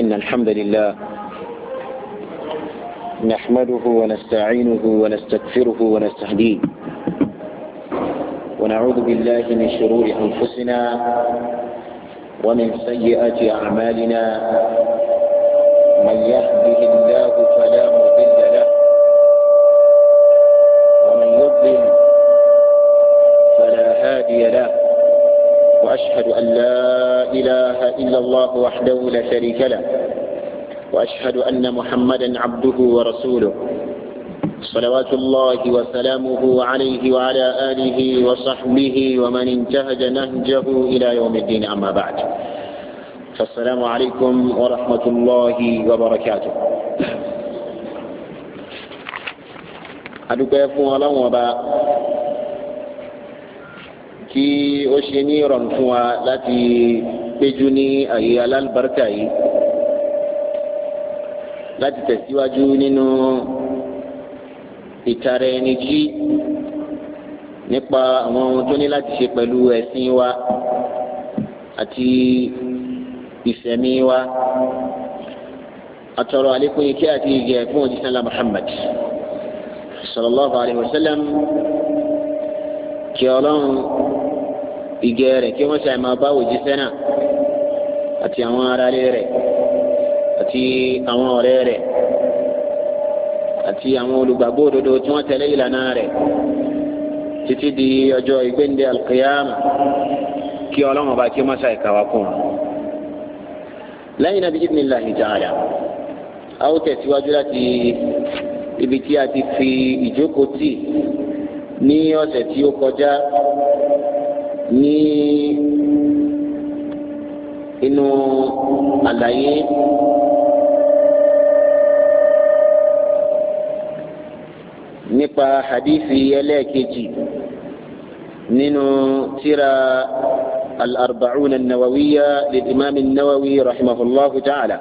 إن الحمد لله نحمده ونستعينه ونستغفره ونستهديه ونعوذ بالله من شرور أنفسنا ومن سيئات أعمالنا من يهده الله فلا مضل له ومن يضلل فلا هادي له وأشهد أن لا إله إلا الله وحده لا شريك له وأشهد أن محمدا عبده ورسوله صلوات الله وسلامه عليه وعلى آله وصحبه ومن انتهج نهجه إلى يوم الدين أما بعد فالسلام عليكم ورحمة الله وبركاته أدوك يفو الله وبركاته kí ó ṣe ní ìrọ̀rùn fún wa láti péjú ní àyè alálùbáríkà yìí láti tẹ̀síwájú nínú ìtara ẹni jí nípa àwọn ohun tó ní láti ṣe pẹ̀lú ẹ̀sìn wa àti ìsẹ̀mí wa atọrọ àlékún ike àti ìgẹ̀ fún òjíṣẹ́ la Muhammad sallallahu alayhi wa sallam kí ọlọ́run ìgẹ̀ rẹ̀ kí wọ́n ṣàì máa bá òjíṣẹ́ náà àti àwọn aráalé rẹ̀ àti àwọn ọ̀rẹ́ rẹ̀ àti àwọn olùgbàgbọ́ òdodo tí wọ́n tẹ̀lé ìlànà rẹ̀ títí di ọjọ́ ìgbéǹde alqiyama kí ọlọ́run ọba kí wọ́n ṣàì kàwá kùn wọn. lẹ́yìn náà bí idhnillahi ta'ala a ó tẹ̀síwájú láti ibi tí a ti fi ìjókòó tì ní ọ̀sẹ̀ tí ó kọjá ní inú àlàyé nípa hadithi ẹlẹ́ẹ̀kejì nínú tírà al-arba'una an-nawawiyya lil-imam an-nawawi rahimahullahu ta'ala.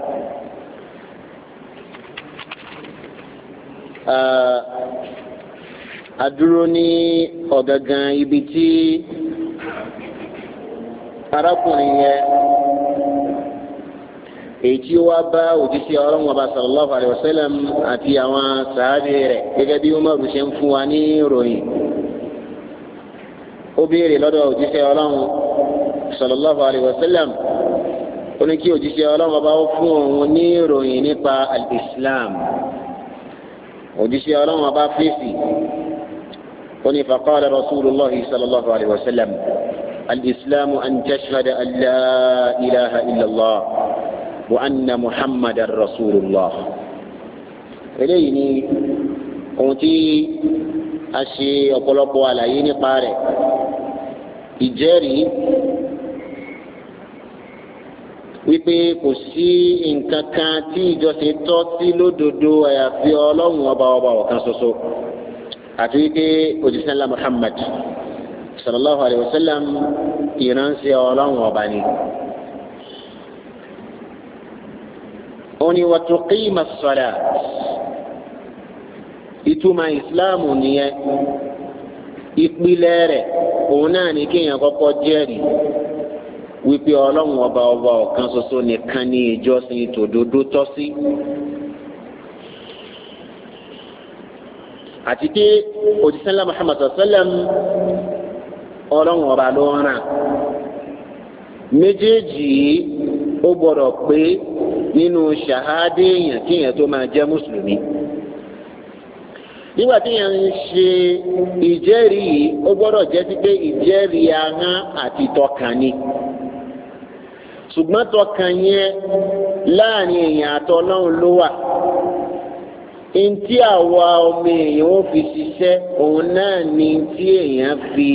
adúró ní ọ̀gángan ibi tí arákùnrin yẹn èyí tí ó wá bá òjíṣẹ́ ọlọ́run ọba sallallahu alayhi wa sallam àti àwọn sàádé rẹ̀ gẹ́gẹ́ bí umaru ṣe ń fún wa ní ìròyìn ó béèrè lọ́dọ̀ òjíṣẹ́ ọlọ́run sallallahu alayhi wa sallam ó ní kí òjíṣẹ́ ọlọ́run ọba ó fún òun ní ìròyìn nípa al-islam ọlọ́run ọba fèsì ó ní faqala rasulullahi sallallahu alayhi wa sallam. الإسلام أن تشهد أن لا إله إلا الله وأن محمد رسول الله إليني أنت أشي أقولك على يني قارئ ìjẹ́rìí wípé kò sí nǹkan kan tí ìjọsìn tọ́ sí lódodo àyàfi ọlọ́run ọba ọba ọ̀kan ṣoṣo àti wípé òjíṣẹ́ ńlá sallallahu alayhi wa sallam ìránṣẹ́ ọlọ́run ọba ni. oni wa tuqima as-salat ìtumọ̀ ìsìláàmù nìyẹn ìpìlẹ̀ rẹ̀ òun náà ní kéèyàn kọ́kọ́ jẹ́rìí wípé ọlọ́run ọba ọba ọ̀kan ṣoṣo nìkan ní ìjọsìn tòdodo tọ́ àti pé òjíṣẹ́ ńlá sallam ọlọ́run ọba ló ń ràn méjèèjì yìí ó gbọ́dọ̀ pé nínú ṣàhádé èèyàn kéèyàn tó máa jẹ́ mùsùlùmí nígbà téèyàn ń ṣe ìjẹ́rìí yìí ó gbọ́dọ̀ jẹ́ sí pé ìjẹ́rìí ahọ́n àti tọkàn ni ṣùgbọ́n tọkàn yẹn láàrin èèyàn àtọlọ́run ló wà ntí àwa ọmọ èèyàn ó fi ṣiṣẹ́ òun náà ni ntí èèyàn fi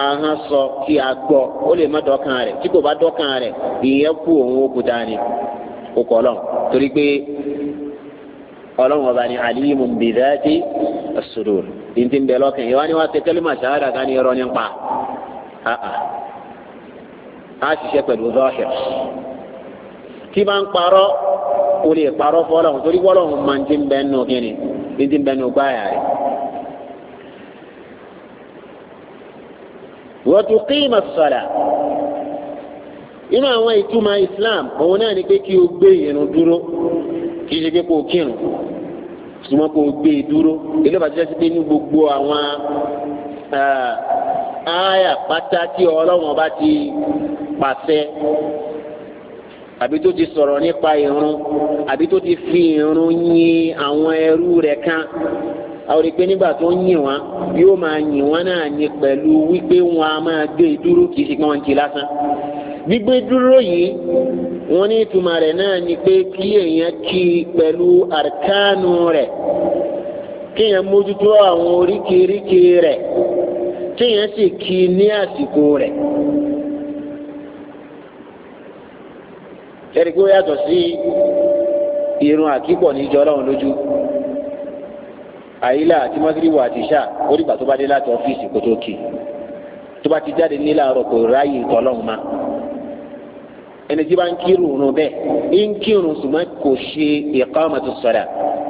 ahọ́n sọ kí a gbọ́ ó lè má dọ́kàn rẹ̀ tí kò bá dọ́kàn rẹ̀ ìyẹn kú òun ó ni ó kọ́ lọ́n torí pé ọba ni alimu bidati sudur ní ń bẹ lọ́kàn yìí ni ní wá ṣe kẹ́límà ṣahada ká ní a ṣiṣẹ pẹ̀lú zọ́ọ̀ṣẹ̀ bá ń o lè torí máa ń ti nù ti nù wọ́tukíma sọ̀lá inú àwọn ìtumọ̀ islam òun náà ni pé kí o gbé irun dúró kì í ṣe pé kó o kírun ṣùgbọ́n kó o gbé e dúró ilé ìbàjẹ́ ti pé ní gbogbo àwọn ààyà ah, pátá tí ọlọ́wọ́n bá ti pàṣẹ àbí tó ti sọ̀rọ̀ nípa irun àbí tó ti fi irun yin àwọn ẹrú rẹ̀ kan àwọn ìpè nígbà tó ń yìn wọn yóò máa yìn wọn náà ní pẹ̀lú wípé wọn a máa gbé dúró kì í ṣe pé wọ́n ti lásán gbígbé dúró yìí wọ́n ní ìtumọ̀ rẹ̀ náà ni pé kí èèyàn kí pẹ̀lú àrkánu rẹ̀ kéèyàn mójútó àwọn oríkèéríkè rẹ̀ kéèyàn sì kí ní àsìkò rẹ̀. ẹ̀rí pé yàtọ̀ sí irun àkípọ̀ níjọ́ ọlọ́run lójú àyílà àti mọ́gìrìwò àti ṣá ó dìgbà tó bá dé láti ọ́fíìsì kó tó kì tó bá ti jáde nílà ọ̀rọ̀ kò ráyè tọ́lọ́hún ma ẹni tí bá ń kírun òun bẹ́ẹ̀ ń kírun ṣùgbọ́n kò ṣe ìkámàtú sọ̀lá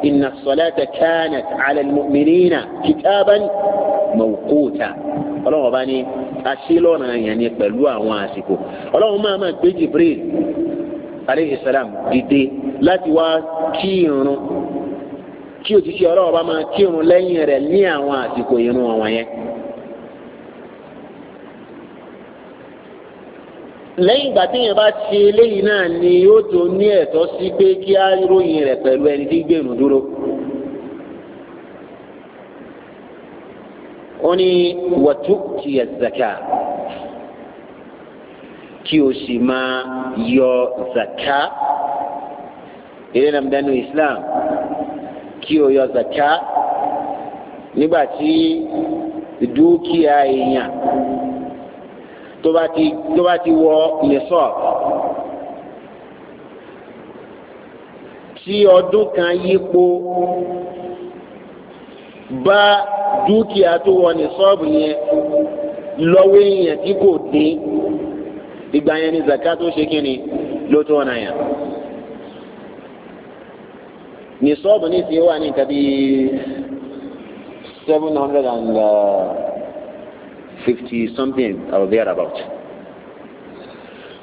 inna as-salata kanat 'ala al-mu'minina kitaban ọlọ́run bá ní aṣílọ́nà yẹn ni pẹ̀lú àwọn àsìkò ọlọ́run máa máa gbé Jibril aleyhi salam dìde láti wá kírun kí òtítí ọlọ́wọ́ bá máa kírun lẹ́yìn rẹ̀ ní àwọn àsìkò irun àwọn yẹn. lẹ́yìn ìgbà téèyàn bá ṣe eléyìí náà ni yóò tó ní ẹ̀tọ́ sí pé kí á ròyìn rẹ̀ pẹ̀lú ẹni tí gbèrú dúró. ó ní wọ́tú ti ẹ̀zàkà kí o sì máa yọ zàkà. ìrẹ́nàmdánù Islam kí o yọ zaka nígbà tí dúkìá èèyàn tó bá ti tó bá ti wọ nisọp tí ọdún kan yípo bá dúkìá tó wọ nisọp yẹn lọ́wọ́ èèyàn tí kò dín ìgbà yẹn ni zaka tó ṣe kí ni ló tó ọ̀nà yẹn ní sọ́ọ̀bù ní ti wà ní nǹkan bíi seven hundred and uh, fifty something or there about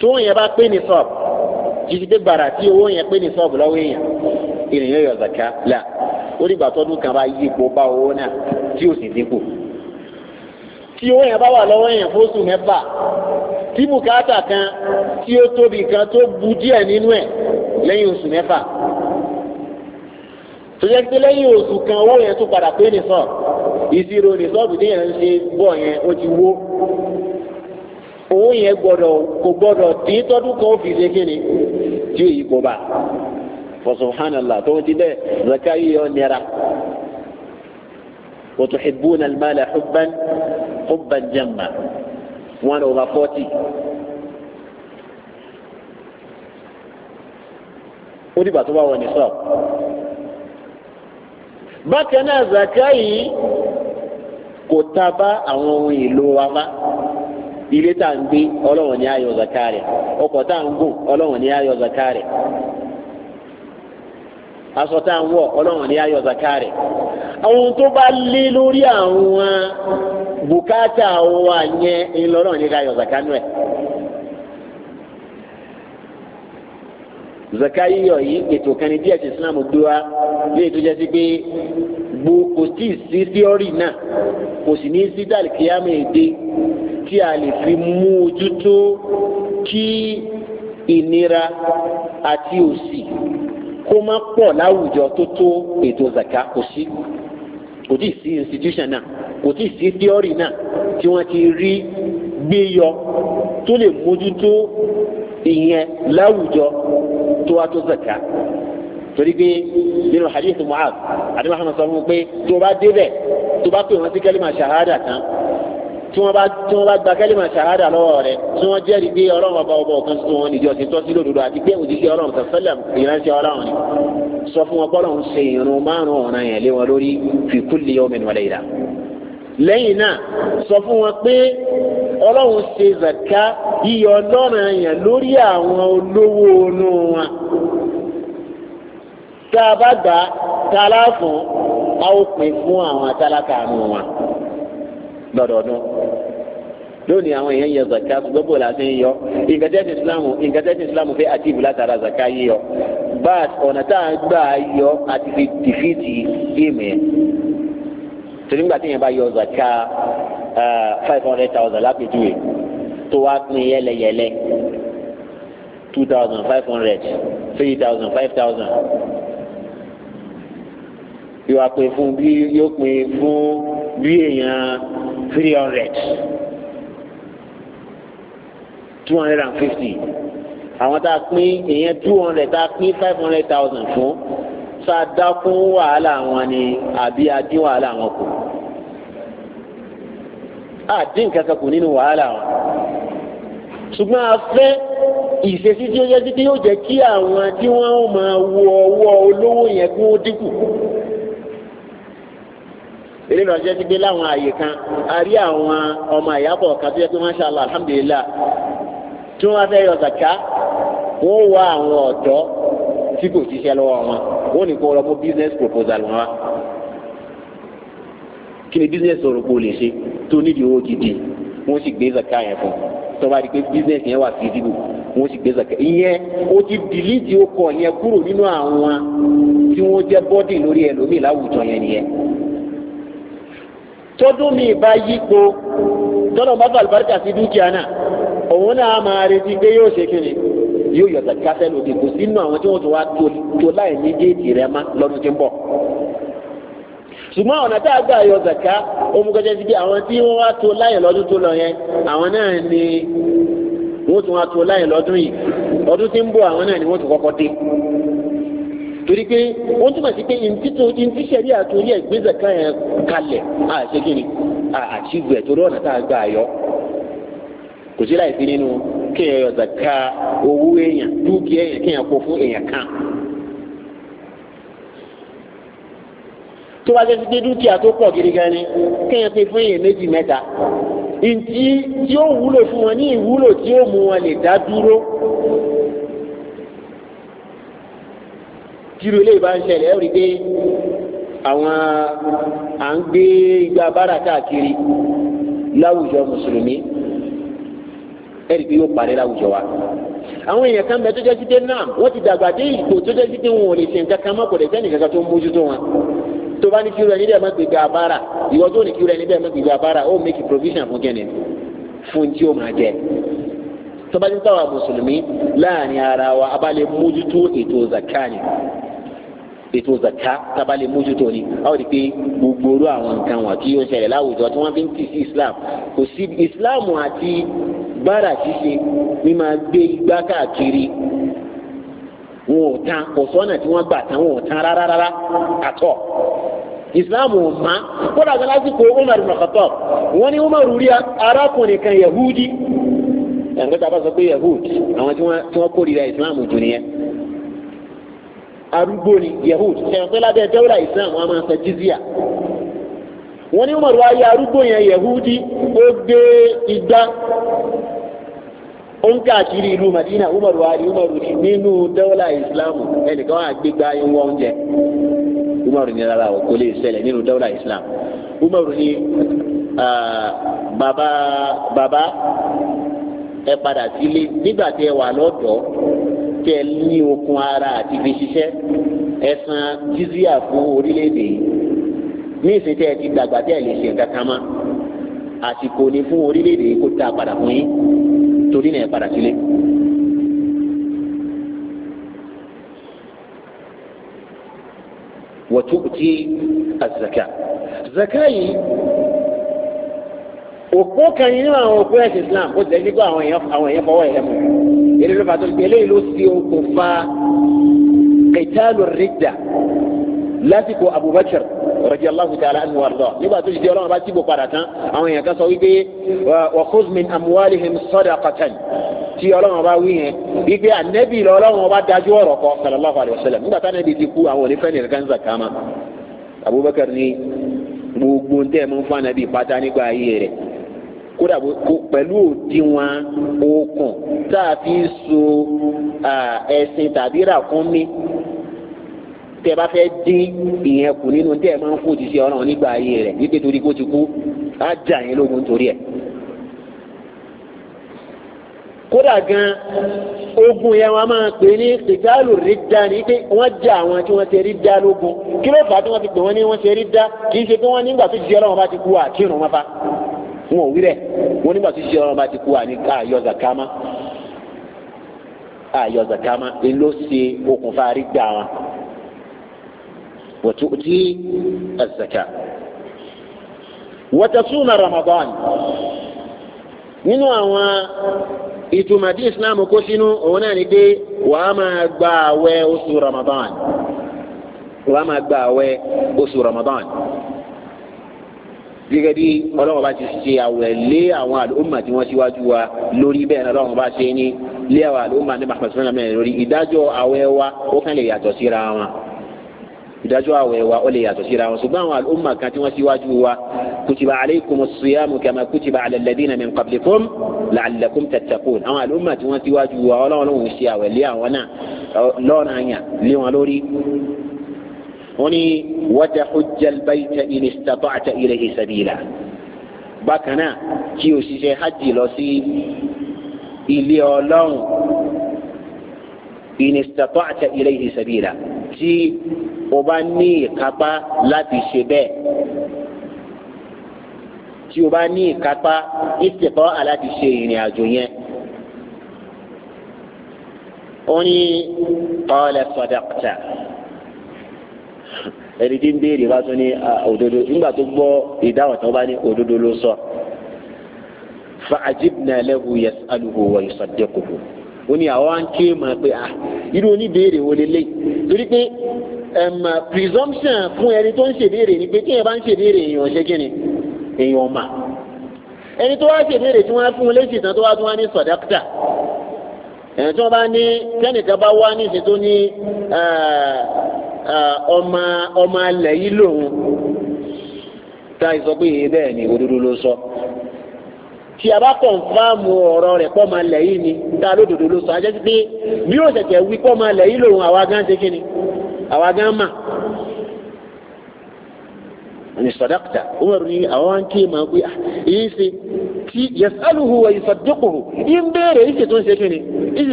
tó yẹn bá pé ní sọ́ọ̀bù títí dé gbàrà tí owó yẹn pé ní sọ́ọ̀bù lọ́wọ́ èèyàn ènìyàn yọ zaka là ó dìgbà tọdún kan bá yípo bá owó náà tí ó sì dínkù tí owó yẹn bá wà lọ́wọ́ yẹn fóṣù mẹ́fà tí bùkátà kan tí ó tóbi kan tó bu díẹ̀ nínú ẹ̀ lẹ́yìn oṣù mẹ́fà tó jẹ́ pé lẹ́yìn oṣù kan owó yẹn tún padà pé nìsan ìṣirò nìsọ́ọ̀bù tí yẹn ń ṣe bọ̀ yẹn ó ti wó owó yẹn gbọ́dọ̀ kò gbọ́dọ̀ tí tọ́dún kan ó fi ṣe kí ni tí ò yí kó bá fọ̀sùnhánàlá tó ń ti bẹ́ẹ̀ zaka yíyọ nira وتحبون المال حبا حبا جما 1 over 40 ó dìgbà tó bá wọ ní sọ́ọ̀bù bákan náà zaka yìí kò ta bá àwọn ohun èlò wa má ilé tá à ń gbé ọlọ́wọ̀n ní ayọ̀ zaka rẹ̀ ọkọ̀ tá à ń gùn ọlọ́wọ̀n ní ayọ̀ zaka rẹ̀ aṣọ tá à ń wọ̀ ọlọ́wọ̀n ní ayọ̀ zaka rẹ̀ àwọn tó bá lé lórí àwọn bùkátà wa yẹn ńlọrọ̀ ní ayọ̀ zaka nù ẹ̀. zaka yíyọ yìí ètò kan ní díẹ̀ tí Islam gbé wa léyìí tó jẹ́ sí pé gbo kò tí ì sí tíọ́rì náà kò sì ní sí dàlìkíyàmù èdè tí a lè fi mú ojú tó kí ìnira àti òṣì kó má pọ̀ láwùjọ tó tó ètò zaka kò sí kò tí ì sí institution náà kò tí ì sí theory náà tí wọ́n ti rí gbé yọ tó lè mójútó ìyẹn láwùjọ tó wá tó zaka torí pé nínú hadith mu'az adébá hàn sọ fún un pé tó bá débẹ̀ tó bá pè wọ́n sí kẹ́límà ṣahada tán tí wọ́n bá tí wọ́n bá gba kẹ́límà ṣahada lọ́wọ́ rẹ̀ tí wọ́n jẹ́rìí pé ọlọ́run ọba ọba ọ̀kan tó wọn níjọ́ sí tọ́sí lódodo àti pé òjíṣẹ́ ọlọ́run sọ̀sẹ́lẹ̀ ìránṣẹ́ ọlọ́run sọ fún wọn kọ́lọ́run ṣe ìrun márùn-ún ọ̀ràn yẹn lé wọn lórí fi kulli yawmin wa layla náà sọ fún wọn pé ọlọ́run ṣe zaka yíyọ lọ́ràn yẹn lórí àwọn olówó inú wọn tá a bá gbà tá a láàfún a ó pín fún àwọn atálákà àánú wọn lọ́dọọdún lónìí àwọn èèyàn yẹ zaka ṣùgbọ́n bò láti ń yọ ìgbẹ́tẹ́sì islamu ìgbẹ́tẹ́sì islamu fẹ́ àtìbù látara zaka yíyọ báàt ọ̀nà tá a gbà yọ àti fi dìfìtì géèmù yẹn torí nígbà tí yẹn bá yọ zaka uh, five hundred thousand lápẹ̀jùwe tó wá pín yẹlẹyẹlẹ two thousand five hundred three thousand five thousand yóò wá pín fún bí yóò pín fún bí èèyàn three hundred two hundred and fifty àwọn tá a pín èèyàn two hundred tá a pín five hundred thousand fún sá a dá fún wàhálà wọn ni àbí a dín wàhálà wọn kù a dín kankan kù nínú wàhálà wọn ṣùgbọ́n a fẹ́ ìṣesí tí ó yẹ títí yóò jẹ́ kí àwọn tí wọ́n máa wo ọwọ́ olówó yẹn kí wọ́n dínkù eléyìí lọ́jọ́ ti gbé láwọn àyè kan a rí àwọn ọmọ àyàbọ̀ kan tó yẹ pé masha Allah alhamdulillah tí wọ́n fẹ́ yọ zaka wọ́n wá àwọn ọ̀dọ́ tí kò ṣiṣẹ́ lọ́wọ́ wọn wọ́n ní kó lọ business proposal wọn wá kí ni business ọ̀rọ̀ kò lè ṣe tó nídìí owó gidi wọ́n sì gbé zaka yẹn fún tọ́ba di pé business yẹn wà feasible wọ́n sì gbé zaka ìyẹn o ti delete okọ̀ yẹn kúrò nínú àwọn tí wọ́n jẹ́ bọ́dì lórí ẹlòmíì láwùjọ yẹn nìyẹn tọ́dún mi bá yípo tọ́lọ̀ bá bàlùbáríkà sí dúkìá náà òun náà máa retí pé yóò ṣe kí ni yóò yọ zakatẹ́ lòdì kò sínú àwọn tí wọ́n ti wá tó láì ní déètì rẹ má lọ́dún tí ń bọ̀ ṣùgbọ́n ọ̀nà tá a gbà yọ zaka omukọjá sí pé àwọn tí wọ́n wá tó láyè lọ́dún tó lọ yẹn àwọn náà ni wọ́n tún wá tó láyè lọ́dún yìí ọdún tí ń bọ̀ àwọn náà ni wọ́n tún kọ́kọ́ dé torí pé wọ́n túmọ̀ sí pé ntí sẹ́rí àtúrí ẹ̀ gbé zaka yẹn kalẹ̀ àṣekínni àṣìbù ẹ̀ torí ọ̀nà tá a gbà yọ kò sí láì nínú kéèyàn yọ zaka owó èèyàn dúkìá èèyàn kéèyàn kó fún èèyàn kan. tó bá jẹ́ títí dúkìá tó pọ̀ gidi gan ni kéèyàn pé fún èèyàn méjì mẹ́ta ntí tí ó wúlò fún wọn ní ìwúlò tí ó mú wọn lè dá dúró tírú ilé ìbá ń ṣẹlẹ̀ ẹ̀rí pé àwọn à ń gbé igbá bára káàkiri láwùjọ mùsùlùmí ẹ̀rí pé yóò parẹ́ láwùjọ wa àwọn èèyàn kan bẹ tó jẹ́ sí pé náà wọ́n ti dàgbà dé ipò tó jẹ́ sí pé wọn ò lè ṣe nǹkan kan mọ́ kò lè sẹ́ni kankan tó ń mójútó wọn tó bá ní kí rẹ níbẹ̀ má gbégbá abára ìwọ tó ní kí rẹ níbẹ̀ má gbégbá abára ó make provision fún kẹ́ni fún tí ó máa jẹ tó bá mùsùlùmí láàrin ara wa abalẹ̀ mójútó ètò zakani ètò zaka tábàlẹ̀ mójútó ni a ó rí i pé gbogbo orú àwọn nǹkan wọn tí yóò ṣẹlẹ̀ láwùjọ tí wọ́n fi ń tì sí islam kò sí islam àti bára ṣíṣe ní máa gbé igbá káàkiri wọn ò tán kò sọ́nà tí wọ́n gbà tán wọn ò tán rárá rárá àtọ̀ islam ò má kódà kan lásìkò umar ibn khattab wọ́n umar rí arákùnrin kan yahudi ẹnìkan tá a bá sọ pé yahudi àwọn tí wọ́n kórìíra islam jù nìyẹn arúgbó ni yahud ṣẹ̀ǹpẹ́ lábẹ́ dẹ́wọ́lá islam wọn a máa sọ jizya wọ́n ní umaru ayé arúgbó yẹn yahudi ó gbé igbá ó ń káàkiri ìlú madina umaru ayé umaru ni nínú dẹ́wọ́lá islam ẹnìkan wà gbégbá yín wọ́n oúnjẹ umaru ni rárá o kò lè ṣẹlẹ̀ nínú dẹ́wọ́lá islam umaru ni baba baba, ẹ padà sílé nígbà tí ẹ wà lọ́dọ̀ọ́ tẹ́ ní okun ara àti fi ṣiṣẹ́ ẹ̀sán jizíà fún orílẹ̀-èdè yìí ní ìsìn tẹ́ ẹ ti dàgbà tẹ́ ẹ lè ṣe nǹkan àsìkò ni fún orílẹ̀-èdè yìí padà fún yín torí náà ẹ padà sílé. wọ́n tún ti àzàkà zàkà yìí òpó kan nínú àwọn òpó ẹ̀sìn Islam ó tẹ̀lé nígbà àwọn èèyàn fọwọ́ ẹ̀rẹ́ mọ́ èdè ló fà tó gbé eléyìí ló ṣe okùnfà kẹtàlù rìdà lásìkò Abubakar radiyallahu ta'ala anhu warda nígbà tó ṣiṣẹ́ ọlọ́run bá tìbò padà tán àwọn èèyàn kan sọ wípé wa khudh min amwalihim sadaqatan tí ọlọ́run bá wí yẹn wípé ànẹ́bí lọ́lọ́run bá dájú ọ̀rọ̀ kọ sallallahu alayhi nígbà tá ànẹ́bí ti kú àwọn onífẹ́ nìkan kan zakama Abubakar ni gbogbo ntẹ́ mọ́ fún ànẹ́bí pátá nígbà ayé rẹ̀ kódà kó pẹ̀lú òdiwọ̀n okùn tá a fi so ẹṣin tàbí ràkúnmí tẹ bá fẹ́ dín ìyẹn kù nínú tẹ ẹ máa ń kó òjíṣẹ́ ọ̀ràn nígbà ayé rẹ̀ wípé torí kó ti kú á jà yín lógun torí ẹ̀. kódà gan ogun yẹn wọn máa pè ní ìtàlù rídà ní pé wọ́n jà àwọn tí wọ́n ṣe rídà lógun kí ló fà á tí wọ́n fi pè wọ́n ní wọ́n ṣe rídà kì í ṣe pé wọ́n nígbà tó jíṣẹ́ ọlọ́run bá ti kú àkírun wọn fa. wọn ò wọn nígbà tó ṣe ọlọ́run ti kú wa ní zakama àyọ zakama ló ṣe okùnfà àrígbà wọn wọ́n ti àzàkà na Ramadan nínú àwọn ìtumọ̀ tí Islam kó sínú òun náà ni pé máa gba Ramadan. gẹ́gẹ́ bí ọlọ́run bá ti ṣe àwẹ̀ lé àwọn àlùmọ̀ tí wọ́n ṣíwájú wa lórí bẹ́ẹ̀ náà ọlọ́run bá ṣe ní lé àwọn àlùmọ̀ ní mahamadu sọ́nà mẹ́rin lórí ìdájọ́ àwẹ̀ wa ó kàn lè yàtọ̀ síra wọn ìdájọ́ àwẹ̀ wa ó lè yàtọ̀ síra wọn ṣùgbọ́n àwọn àlùmọ̀ kan tí wọ́n ṣíwájú wa kutiba aleikum siyamu kama kutiba ala alladina min qablikum la'allakum tattaqun àwọn àlùmọ̀ tí wọ́n ṣíwájú wa ọlọ́run ló ń ṣe àwẹ̀ lé àwọn náà lọ́ọ̀nà wọ́n ní watahujja albayta in istata'ta ilayhi sabila bákan náà kí o ṣiṣẹ́ hajj lọ sí ilé ọlọ́run in istata'ta ilayhi sabila tí o bá ní ìkápá láti ṣe bẹ́ẹ̀ tí o bá ní ìkápá ìtẹ̀kọ́ aláti ṣe ìrìn àjò yẹn. ó ní qala ẹni tí ń béèrè bá tún ní òdodo nígbà tó gbọ́ ìdáhùn tó bá ní òdodo ló sọ. fa ajibna lahu yas'aluhu wa yusaddiquhu ó ní àwọn á ń ké máa pé ah irú oníbèrè wo lélẹ̀ torí pé presumption fún ẹni tó ń ṣèbéèrè ni pé tí èèyàn bá ń ṣèbéèrè èèyàn ṣe kí ni èèyàn mà ẹni tó wá ṣèbéèrè tí wọ́n fún un léṣì tán tó wá tún wá ní sọ̀dáktà ẹni tí wọ́n bá ní kẹ́nìkan bá wá ní ìṣètò ní ọmọ ọmọ alẹ̀ yìí lòun tá a sọ pé èyí bẹ́ẹ̀ ni òdodo ló sọ tí a bá kọ̀nfàmù ọ̀rọ̀ rẹ̀ pọ̀ máa lẹ̀ yìí ni lódodo ló sọ ajẹ́ pé bí ṣẹ̀ṣẹ̀ wí ṣe kí ni àwa gan mà ni sadakta ni àwọn wá ń ké máa ah, ṣe yasaluhu wa yìí ń fi fọ fún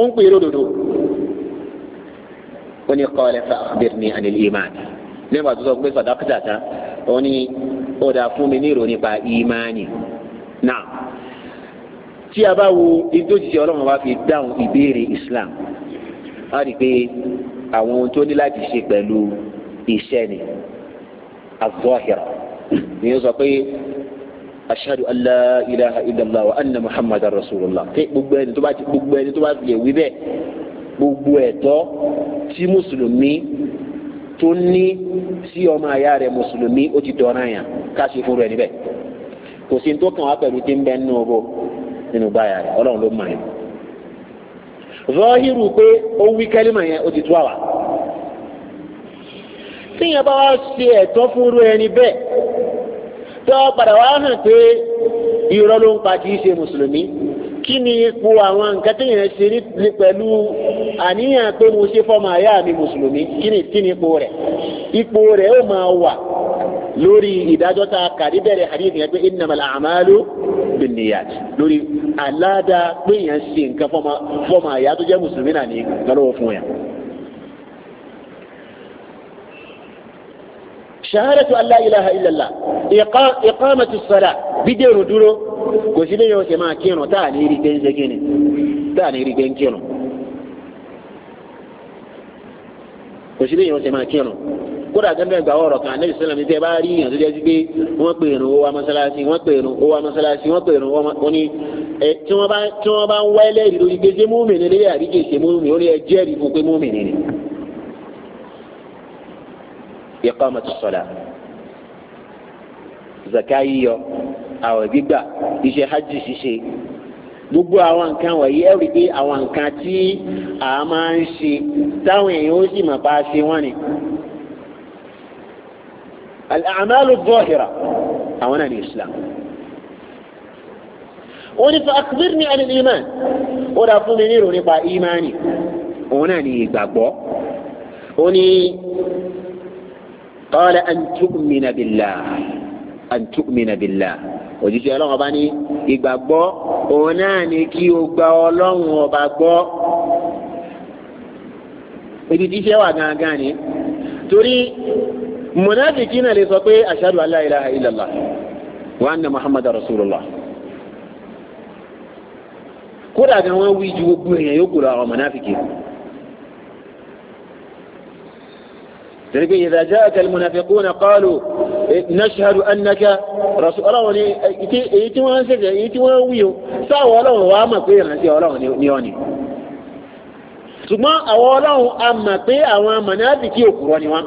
ó ń pè é ó ní qala fa akhbirni anil iman nígbà tó sọ pé sọ̀dákítà tán ó ní ó dáa fún mi ní ìròyìn nípa ìmánì náà tí a bá wo ìdójìṣẹ́ ọlọ́run wá fi dáhùn ìbéèrè Islam a rí i pé àwọn ohun tó ní láti ṣe pẹ̀lú ni azọ́hìrà ni ó sọ pé ashadu an ilaha illallah wa anna muhammadar rasulullah pé gbogbo ẹni tó bá ti gbogbo ẹni tó bá ti lè wí bẹ́ẹ̀ gbogbo ẹ̀tọ́ tí mùsùlùmí tó ní sí ọmọ àyà rẹ̀ mùsùlùmí ó ti dọ̀ràn yàn ká ṣe fún rẹ̀ níbẹ̀ kò sí tó kàn wá pẹ̀lú tí ń bẹ nínú owó nínú báyà rẹ̀ ọlọ́run ló mọ̀ yẹn. zọ́hírù pé ó wí kẹ́límọ̀ yẹn ó ti tú àwà. tíyẹn bá wá ṣe ẹ̀tọ́ fún irú ẹni bẹ́ẹ̀ tó padà wá hàn pé irọ́ ló ń pa kì í ṣe mùsùlùmí kí ni ipò àwọn nǹkan tí yẹn ṣe rí pẹ̀lú àníyàn pé mo ṣe fọ́mọ àyá mi mùsùlùmí kí ni kí ni ipò rẹ̀ ipò rẹ̀ ó máa wà lórí ìdájọ́ tá a kà ní bẹ̀rẹ̀ hadith yẹn pé innamal a'malu binniyat lórí aláda pé yẹn ṣe nǹkan fọ́mọ àyá tó jẹ́ mùsùlùmí náà ní lọ́wọ́ fún yẹn. shahadatu an la ilaha illallah iqamatu salah bídé òrùn dúró kò sí bí yóò ṣe máa kírun tá à ní rí gbẹ́ńṣe kíni tá à ní rí gbẹ́ń kírun kò sí bí yóò ṣe máa kírun kódà gẹ́gẹ́ gba ọ̀rọ̀ kan anabi sọlá mi tẹ́ bá rí èèyàn tó jẹ́ sí wọ́n pè irun ó wá mọ́sálásí wọ́n pè irun ó wá mọ́sálásí wọ́n pè irun ó ní ẹ tí wọ́n bá ń wá ẹlẹ́rìí lórí gbèsè múmi nílé àríkèsè múmi ó ní ẹ jẹ́rìí fún pé múmi nìyẹn. إقامة الصلاة، zaka أو àwẹ̀ gbígbà iṣẹ́ hajj ṣíṣe gbogbo àwọn nǹkan wọ̀nyí ẹ rí i pé àwọn nǹkan tí a máa ń ṣe táwọn èèyàn ó sì mọ̀ pa ṣe wọ́n ni. al-a'malu zahira àwọn náà ní islam. wọ́n ní fa akhbirni an al-iman ó dà fún mi nírò nípa ìmánì òun náà ní ìgbàgbọ́. ó ní. قال أن تؤمن بالله أن تؤمن بالله òjíṣẹ́ ọlọ́run ọba ní ìgbàgbọ́ òun náà ni kí o gba ọlọ́run ọba gbọ́ ibi tí iṣẹ́ wà gangan ni torí mùnàfíkì náà lè sọ pé ashhadu an la ilaha illallah muhammadu rasulullah kódà gan wọn wí ju gbogbo èèyàn yókù lọ àwọn mùnàfíkì tẹ̀lẹ́gbẹ́ ìdá já àkàlì mùnàfẹ́kù na kọ́ọ̀lù náṣàdù annaka rasu ọlọ́run ni èyí tí wọ́n ń ṣẹ̀ṣẹ̀ èyí tí wọ́n ń wíyo sáwọ́ ọlọ́run wàá mọ̀ pé ìrànṣẹ́ ọlọ́run ni ọ ni ṣùgbọ́n àwọn ọlọ́run a mọ̀ pé àwọn mọ̀nàbìkì òkúrọ̀ ni wọ́n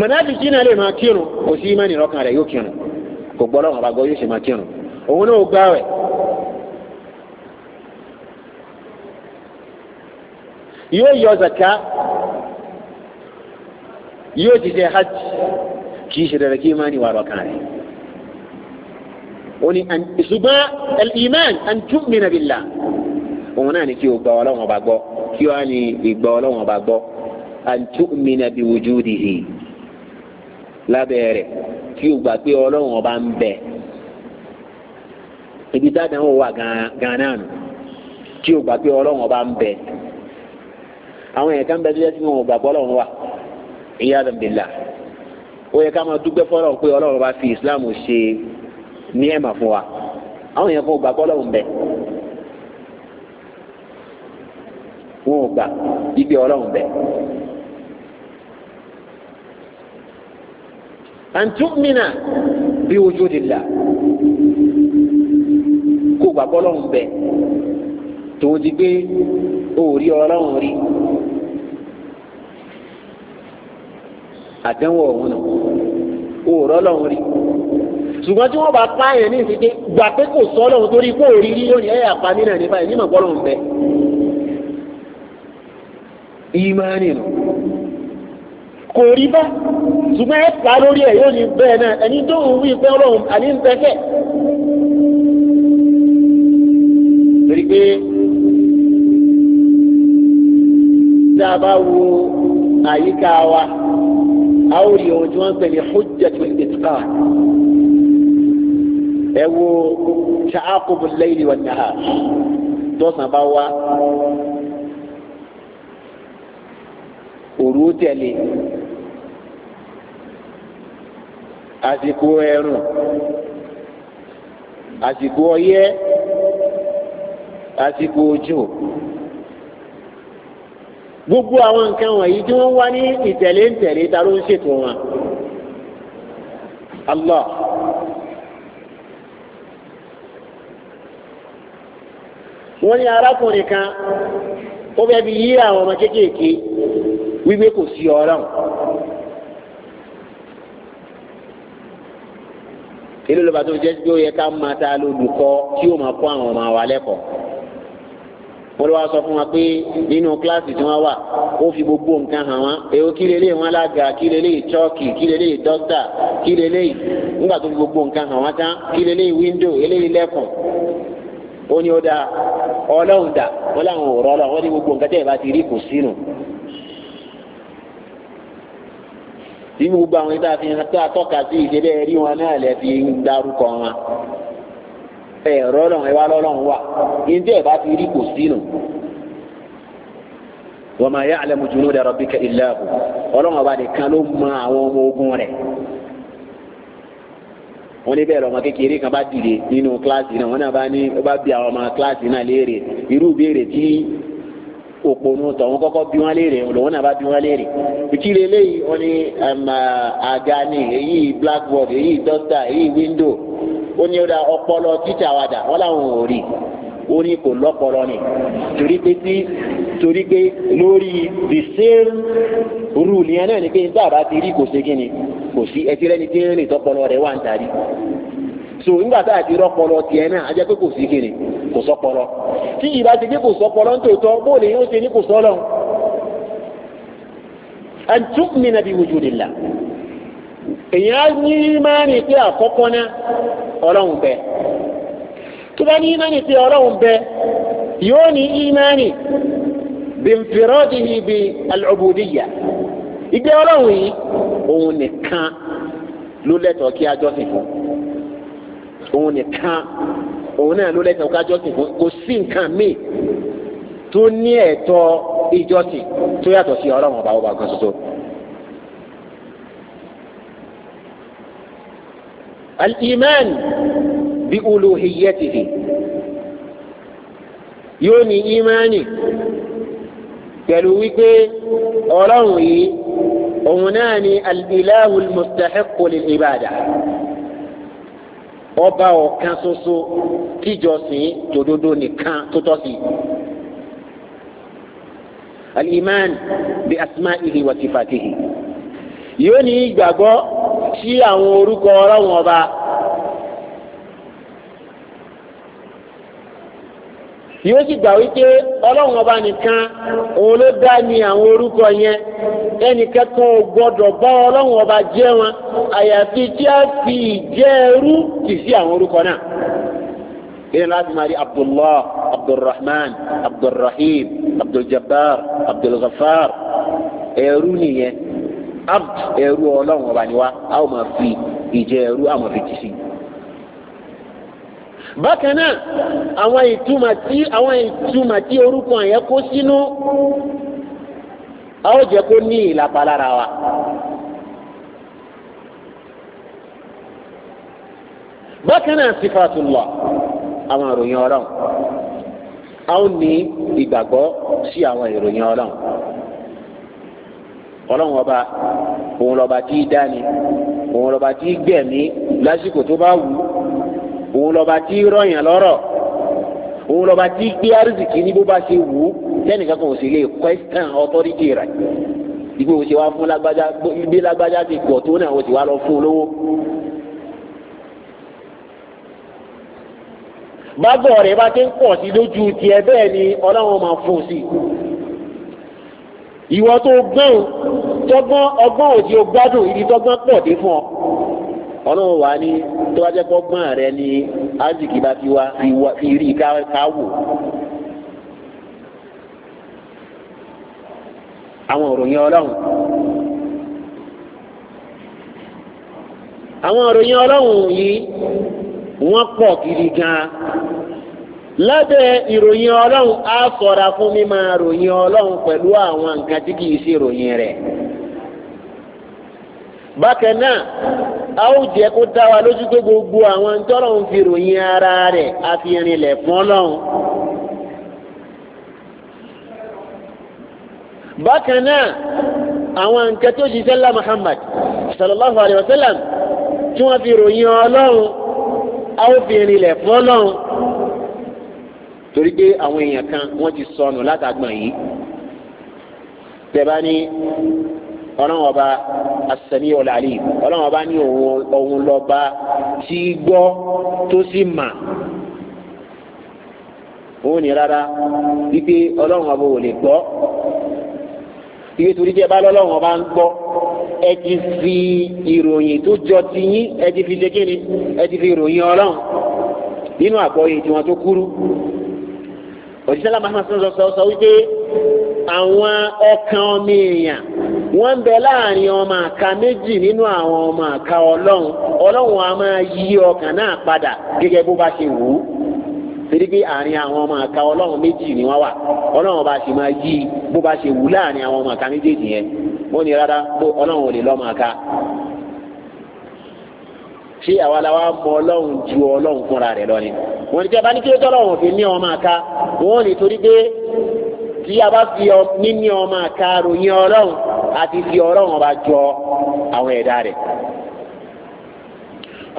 mọ̀nàbìkì náà lè máa kírun kò sí mẹ́rin lọ́kàn rẹ̀ yóò kírun kò gbọ́ ọlọ́run àbágọ́ yóò ṣe máa kírun òun náà gbáwẹ̀ yóò yọ zaka yóò ti ṣe hajj kì í ṣe dandan kí imáni wà lọ́kàn rẹ̀ ó ní ṣùgbọ́n al-iman an tu'mina billah òun náà ni kí o gba ọlọ́run ọba gbọ́ kí o á ní ìgbà ọba gbọ́ an tu'mina bi wujudihi lábẹ́ rẹ̀ kí o gbà pé ọlọ́run ọba ń bẹ ibi tá a wà gan nù kí o gbà pé ọlọ́run ọba ń bẹ àwọn èèyàn kan bẹ tó yẹ kí wọn ò gbàgbọ́ Ọlọ́run wa ìyáàdàn bìlà ó yẹ ká máa dúpẹ́ fọlọ́run pé Ọlọ́run bá fi Islam ṣe ní ẹ̀mà fún wa àwọn èèyàn kan ò gbàgbọ́ Ọlọ́run bẹ wọn ò gbà ibi Ọlọ́run bẹ. àǹtúmínà bí wujudillah kó gbàgbọ́ Ọlọ́run bẹ tòun ti gbé òórí Ọlọ́run rí. àdánwò ọ̀hún náà o ò rọ́lọ́hún rí ṣùgbọ́n tí wọ́n bá pààyàn ní ìsìnkú gbà pé kò sọ ọlọ́run torí kó rí rí lónìí ẹ̀yà pa nínà nípa ẹ̀ nímọ̀ gbọ́dọ̀ ń bẹ. ìmánì nù kò rí bá ṣùgbọ́n ẹ̀ pa lórí ẹ̀ yóò ní bẹ́ẹ̀ náà ẹni tó ń wí pé ọlọ́run àní ń bẹ́kẹ̀. torí pé tá wo àyíká wa àwọn olè ohun tí wọ́n ń pè ní hujjatul itqan ẹ wo ta'aqub al-layli wan tọ́sán bá wá òru tẹ̀lé àsìkò ẹ̀rùn àsìkò ọyẹ́ àsìkò òjò gbogbo àwọn nǹkan wọ̀nyí tí wọ́n wá ní ìtẹ̀lé ńtẹ̀lé ta ló ń ṣètò wọn Allah wọ́n ní arákùnrin kan ó fẹ́ fi yí àwọn ọmọ kéékèèké wípé kò sí ọ̀ràn èlò lọ́ba tó jẹ́ pé ó yẹ ká máa ta lólùkọ́ tí ó máa kọ́ àwọn ọmọ wa lẹ́kọ̀ọ́. wọ́n lọ sọ fún wa pé nínú kíláàsì tí wọ́n wà ó fi gbogbo nǹkan hàn wọ́n èwo kí lélẹ́yìí wọn lága chọ́ọ̀kì gbogbo nǹkan hàn wọ́n tán eléyìí lẹ́kùn ó ní ó da ọlọ́run dà wọ́n láwọn ò rọ́ọ̀lọ́ wọ́n ní gbogbo nǹkan tẹ́ bá ti rí kò sínú. àwọn ìta fi hàn tó sí ìṣẹ́lẹ̀ rí wọn náà ẹ̀rọ ọlọ́run ẹ̀wá lọ́lọ́run wa, ìdí ẹ̀ bá ti rí kò sínú. wa ma ya'lamu junuda rabbika illa hu ọlọ́run ọba nìkan ló mọ àwọn ọmọ ogun rẹ̀. wọ́n ní bẹ́ẹ̀ lọ́mọ kékeré kan bá dìde nínú kíláàsì àwọn ọmọ kíláàsì náà léèrè irú tí kọ́kọ́ bí wọ́n léèrè náà bá bí wọ́n léèrè wọ́n ní um, ni èyí blackboard ó ní ọ̀dà ọpọlọ títà wàdà wọ́n làwọn ò rí ó ní kò lọ́pọlọ ni torí pé tí torí pé lórí the same rule yẹn náà ni pé nígbà bá ti rí kò ṣe kí ni kò sí ẹtí rẹ́ni tí ń lè tọ́pọlọ rẹ̀ wà ń tàrí so nígbà tá a ti rọpọlọ tiẹ̀ náà a pé kò sí kiri kò sọpọlọ tí ìbá ti gbé kò sọpọlọ ń tòótọ́ bóòlù yóò ṣe ní kò sọlọ an tu'mina bi wujudillah èyí á ní máa pé àkọ́kọ́ náà ọlọ́run bẹ tó bá ní imani pé ọlọ́run bẹ yóò ní imani bimfiradihi bi al'ubudiyya ìgbé ọlọ́run yìí òun nìkan ló lẹ́tọ̀ọ́ kí ajọ́sìn fún òun nìkan òun náà ló lẹ́tọ̀ọ́ kí ajọ́sìn fún kò sí nǹkan míì tó ní ẹ̀tọ́ ìjọ́sìn tó yàtọ̀ sí ọlọ́run ọba ọba kan ṣoṣo. الإيمان iman bi uluhiyyatihi yóò أروي ìmánì pẹ̀lú المستحق للعبادة yìí òun náà ni al-ilahu al-mustahiqqu lil-ibada ọba ọ̀kan ṣoṣo tíjọsìn tòdodo nìkan tó sí. al-iman bi asma'ihi wa sifatihi yóò ní ìgbàgbọ́ sí àwọn orúkọ ọlọ́run ọba. yóò sì gbà wípé ọlọ́run ọba nìkan òun ló dá ní àwọn orúkọ yẹn ẹnìkan kan ò gbọdọ̀ bá ọlọ́run ọba jẹ́ wọn àyàfi tí a fi ìjẹ́ ẹrú tì sí àwọn orúkọ náà. بين العظمى عبد الله عبد الرحمن عبد الرحيم عبد الجبار عبد الغفار ايرونيه abd ẹrú ọlọ́run ọba ni wa a ó máa fi ìjẹ ẹrú a máa fi tì sí. bákan náà àwọn ìtumọ̀ tí àwọn ìtumọ̀ tí orúkọ yẹn kó sínú a ó jẹ́ kó ní ìlàpá wa. bákan náà sifatullah àwọn ìròyìn ọlọ́run a ó ní ìgbàgbọ́ sí àwọn ìròyìn ọlọ́run ọlọ́run ọba òun lọ́ba tí í dání òun lọ́ba tí í gbẹ̀mí lásìkò tó bá wù òun lọ́ba tí í rọ̀yàn lọ́rọ̀ òun lọ́ba tí í gbé àrísìkí ní bó bá ṣe wù ú tẹ́nìkan kan sì lè question authority rẹ̀ ìgbé òsè wa fún lágbájá gbé lágbájá ti gbọ̀ tó náà òsè wa lọ fún olówó. bágbọ̀ rẹ̀ bá ti ń pọ̀ sí lójú tiẹ̀ bẹ́ẹ̀ ni ọlọ́run máa fún un sí i ìwọ tó gbọ́n tọ́gbọ́n ọgbọ́n òdi o gbádùn ibi tọ́gbọ́n pọ̀ dé fún ọ. ọlọ́run wà ní tó bá jẹ́ gbọ́ngbọ́n rẹ ni azikì bá fi wá fi rí ká wò. àwọn òròyìn ọlọ́run àwọn òròyìn ọlọ́run yìí wọ́n pọ̀ gidi gan-an. lábẹ́ ìròyìn ọlọ́run á sọ̀ra fún mímọ̀ ròyìn ọlọ́run pẹ̀lú àwọn nǹkan tí kìí ṣe rẹ̀ bákan náà a ó jẹ́ kó dá gbogbo àwọn tọ́lọ́run fi ròyìn ara rẹ̀ a fi rinlẹ̀ fún ọlọ́run bákan náà àwọn nǹkan alayhi wa sallam tí wọ́n fi ròyìn ọlọ́run torí pé àwọn èèyàn kan wọ́n ti sọnù látàgbọ̀n yìí tẹ̀bá ní ọlọ́run ọba asẹ̀mí ọ̀làlì ọlọ́run ọba ní òun lọ́ba tí gbọ́ tó sì mà òun ní rárá wípé ọlọ́run ọba ò lè gbọ́ ibi torí tí ẹ bá lọ́lọ́run ọba ń gbọ́ ẹ ti fi ìròyìn tó jọ ti yín ẹ ti fi ṣe kíni ẹ ti fi ìròyìn ọlọ́run nínú àgbọ́yé tí wọ́n tó kúrú òṣìṣẹ́lá mahama sọ sọ sọ wípé àwọn ọkàn ọmọ èèyàn wọ́n ń bẹ láàrin ọmọ àka méjì nínú àwọn ọmọ àka ọlọ́run ọlọ́run a máa yí ọkàn náà padà gẹ́gẹ́ bó bá ṣe wù ú torí pé àárín àwọn ọmọ àka ọlọ́run méjì ni wọ́n wà ọlọ́run bá ṣe máa yí bó bá ṣe wù ú láàrin àwọn ọmọ àka méjèèjì yẹn wọ́n ní rárá ọlọ́run ò lè lọ́mọ àka ṣé àwa la mọ ọlọ́run ju ọlọ́run fúnra rẹ̀ lọ ni wọ́n ní tí a bá ní kí ló tọ́lọ̀ wọ́n fi ní ọmọ àka wọ́n ní torí pé tí a bá fi níní ọmọ àka ròyìn ọlọ́run àti fi ọlọ́run ọba jọ àwọn ẹ̀dá rẹ̀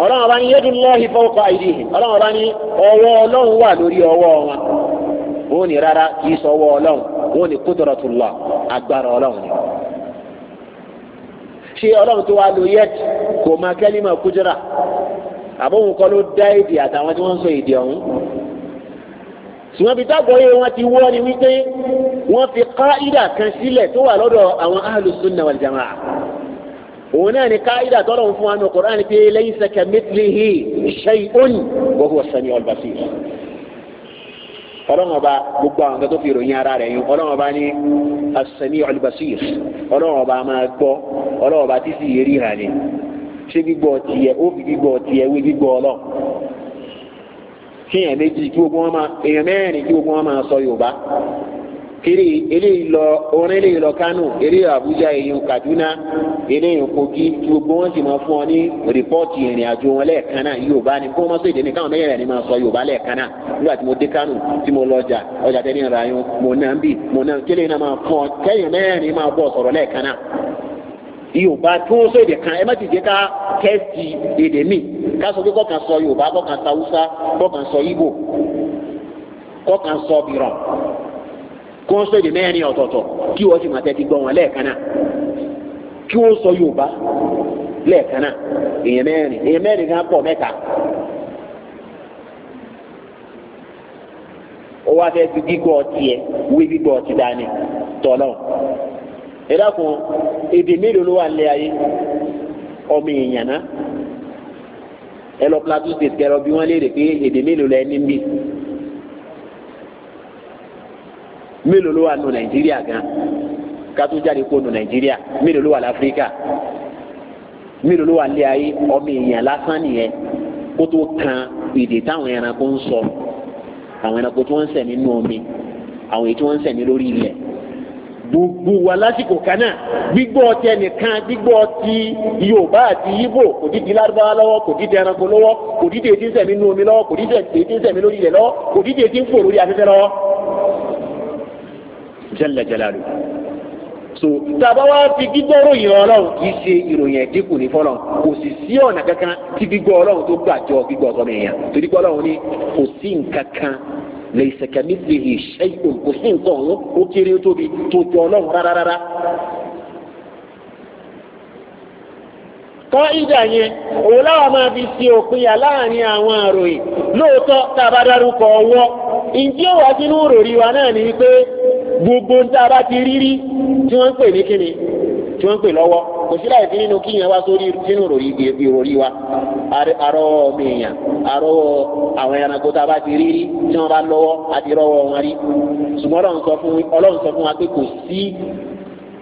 ọlọ́run ọba ní yadullahi fawqa aydihim ọlọ́run ọba ní ọwọ́ ọlọ́run wà lórí ọwọ́ wọn wọ́n ní rárá kì í sọ ọwọ́ ọlọ́run wọ́n ní qudratullah agbára ọlọ́run ni ṣé ọlọ́run tó wá lo kò máa kẹ́lí máa kújọ́ra àbóhùn kọ́ ló dá èdè àtàwọn tí wọ́n ń sọ èdè ọ̀hún ṣùgbọ́n bí tágbọ́ yé wọn ti wọ́ ni wípé wọ́n fi káídà kan sílẹ̀ tó wà lọ́dọ̀ àwọn ahlu sunna wal jamaa òun náà ni káídà tọ́lọ̀ ń fún wa ní Kùránì pé laysa kamithlihi shay'un wa huwa as-sami'ul basir ọlọ́run ọba gbogbo àwọn tó fi ròyìn ara rẹ̀ yín ọlọ́run ní as-sami'ul basir ọlọ́run máa gbọ́ ọlọ́run tí sì yé ríra ni. ṣé gbígbọ́ tiẹ̀ ó fi gbígbọ́ tiẹ̀ wí gbígbọ ọlọ kíyàn méjì kí ogun wọn èèyàn mẹ́rin kí gbogbo wọn sọ kiri lọ orin lọ Kaduna Kogi gbogbo wọn ọ ní rìpọ́ọ̀tì ìrìn àjò wọn lẹ́ẹ̀kan náà Yorùbá ni kí sọ èdè ní káwọn ni máa sọ Yorùbá náà nígbà tí mo dé tí mo ọjà yín yorùbá tí wọ́n sọ èdè kan ẹ má ti jẹ́ ká tẹ́sì èdè míì ká sọ pé kọ́kàn sọ yorùbá kọ́kàn sọ haúsá kọ́kàn sọ ìgbò kọ́kàn sọ bìràn kí wọ́n sọ èdè mẹ́rin ọ̀tọ̀ọ̀tọ̀ kí wọ́n sì máa tẹ́tí gbọ́ wọn lẹ́ẹ̀kan náà kí wọ́n sọ yorùbá lẹ́ẹ̀kan náà èèyàn mẹ́rin èèyàn mẹ́rin kan pọ̀ mẹ́ta ó wá gbígbọ́ wí gbígbọ́ dání tọ́lọ́ ẹ dákun èdè mélòó ló wà ń lé ayé ọmọ èèyàn náà ẹ lọ Plateau State kẹrọ bí wọ́n léèrè pé èdè mélòó lẹ ní bí mélòó ló wà nù Nàìjíríà gan kátó jáde kó nù Nàìjíríà mélòó ló wà láfíríkà mélòó ló wà lé ayé ọmọ èèyàn lásán nìyẹn kó tó kan èdè táwọn ẹranko ń sọ àwọn ẹranko tí wọ́n ń sẹ̀ nínú omi àwọn èyí tí wọ́n ń sẹ̀ ní lórí ilẹ̀ gbogbo wa lásìkò kan náà gbígbọ́ ọtí ẹnìkan gbígbọ́ ọtí yorùbá àti ibo kò dídì lárúbáwá lọ́wọ́ kò dídì ẹranko lọ́wọ́ kò dídì etí ń sẹ̀mí nú omi lọ́wọ́ kò dídì etí ń sẹ̀mí lórí ilẹ̀ lọ́wọ́ kò dídì etí ń fò lórí afẹ́fẹ́ lọ́wọ́. jalla jalalu so tàbá wá fi gbígbọ́ ròyìn ọlọ́run kì í ṣe ìròyìn ẹ̀dínkù ní fọlọ́n kò sì sí ọ̀nà kankan tí gbígbọ́ ọlọ́run tó gbàjọ gbígbọ́ ọ̀tọ́ mi yàn torí gbọ́ ọlọ́run ní kò sí nǹkan kan laysa kamithlihi shay'un kò sí nǹkan ọ̀hún ó kéré tóbi tó jọ ọlọ́run rárá. kọ́ídà yẹn òun láwọn máa fi ṣe òpinya láàrin àwọn àròyìn lóòótọ́ tá a bá dárúkọ ọwọ́ ìdí òwò sínú ròrí wa náà ni wípé gbogbo ń tá a bá ti rírí tí wọ́n ń pè ní kíni tí wọ́n ń pè lọ́wọ́ kò sí láì fi nínú kí yẹn wá sórí sínú ìròrí wa arọ ọmọ èèyàn arọ àwọn ẹranko tá a bá ti rí rí tí wọn bá lọ́wọ́ àti rọ́wọ́ wọn rí ṣùgbọ́n Ọlọ́run sọ fún wa pé kò sí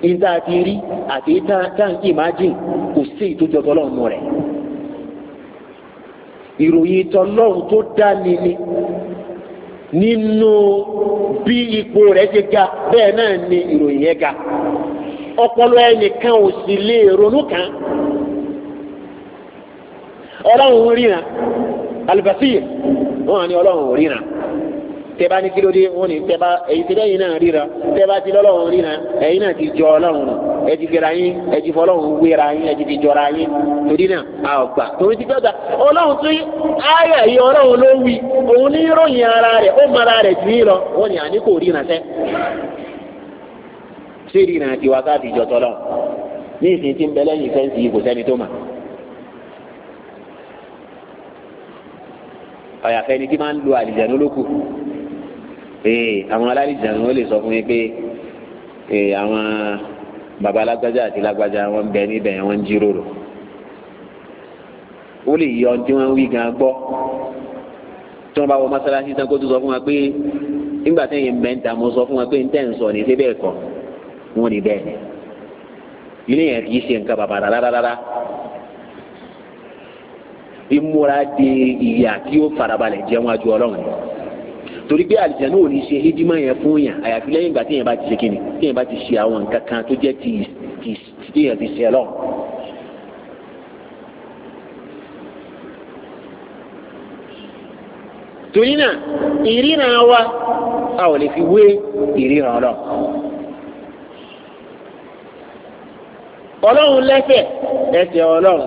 ìta ti rí àti ìta táǹkì májìn kò sí ìtójọ tọlọ́run rẹ̀ ìròyìn tọlọ́run tó dá ni ni nínú bí ipò rẹ̀ ṣe ga bẹ́ẹ̀ náà ni ìròyìn yẹn ga. ọpọlọ ẹnìkan ò sì lè ronú kan ọlọ́run ríran alibasir wọn ni ọlọ́run ríran tẹ́bá ní kílódé wọn ni tẹ́bá èyí ti lẹ́yìn náà ti lọ́lọ́run ríran jọ ọlọ́run nù fẹ́ra yín fọlọ́run wéra yín ti jọra yín torí náà a gbà torí ti gbàgbà ọlọ́run tún mara rẹ̀ jù lọ wọn ni ríran sẹ́. ṣé ìdí ìrìn àti wákàtí ìjọ tọ́lọ́ ní ìsìn tí ń bẹ lẹ́yìn fẹ́ǹsì yìí kò sẹ́ni tó mà. ọ̀yàfẹ́ ni kí máa ń lo àlìjànú lókù ee àwọn alálìjànú ó lè sọ fún mi pé ee àwọn bàbá alágbájá àti lágbájá wọn ń bẹ níbẹ̀ wọn ń jíròrò ó lè yọ ohun tí wọ́n ń wí gan gbọ́ tí wọ́n bá wọ mọ́sálásí tán tó sọ fún wa pé nígbà téèyàn mẹ́ta mo sọ fún wa pé ń tẹ̀ ń sọ ní síbẹ̀ kọ́ wọ́n ní bẹ́ẹ̀ ni ilé yẹn kì í ṣe nǹkan bàbà rárá ìmúra de ìyà tí ó farabalẹ̀ jẹun àjọ ọlọ́run ni torí pé àlìjáná ò ní ṣe hídímà yẹn fún yàn àyàfi lẹ́yìn ìgbà téèyàn bá ti ṣe kíni téèyàn bá ti ṣe àwọn nǹkan kan tó jẹ́ ti ti téèyàn ti ṣe ọlọ́run. torí náà ìríran wa a ò lè fi wé ìríran ọlọ́run. ọlọ́run lẹ́sẹ̀ ẹsẹ̀ ọlọ́run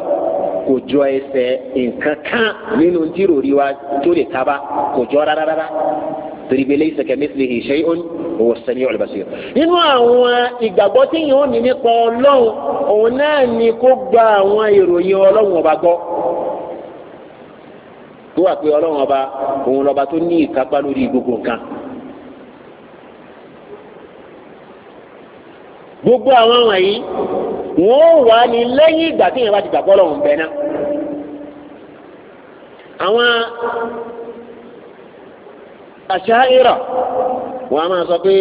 kò jọ ẹsẹ̀ nǹkan kan nínú jíròrí wa tó lè kaba kò jọ rárára. torí pé lẹ́yìn sẹ̀kẹ̀ mẹ́sìlẹ̀ ìṣe òní òwò sẹ́ni nínú àwọn ìgbàgbọ́ tí yìí ó ní nípa ọlọ́run òun náà àwọn ìròyìn ọlọ́run ọba gbọ́ tó pé ọlọ́run ọba òun tó ní ìkápá lórí gbogbo wọ́n wà ní lẹ́yìn ìgbà tí yẹn bá ti gbàgbọ́ lọ́wọ́ bẹ̀ náà. àwọn àṣàyẹ̀rọ̀ wọ́n a máa sọ pé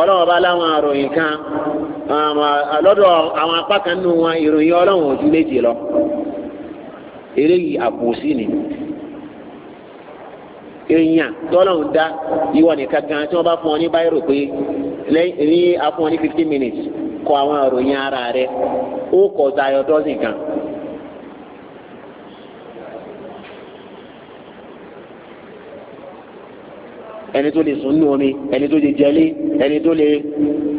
ọlọ́wọ́ bá láwọn àròyìn kan lọ́dọ̀ àwọn apá kan nínú wọn ìròyìn ọlọ́wọ́ ojú méje lọ. eléyìí àpòsí ni èèyàn tọ́lọ́hún dá ìwọ nìkan gan tí wọ́n bá fún ọ ní báyìí rò pé ní afún ọ ní fifteen minutes kọ àwọn ìròyìn ara rẹ ó kọ tayọ dọ́sìn kan. ẹni tó lè sùn nù omi ẹni tó lè jẹlé ẹni tó lè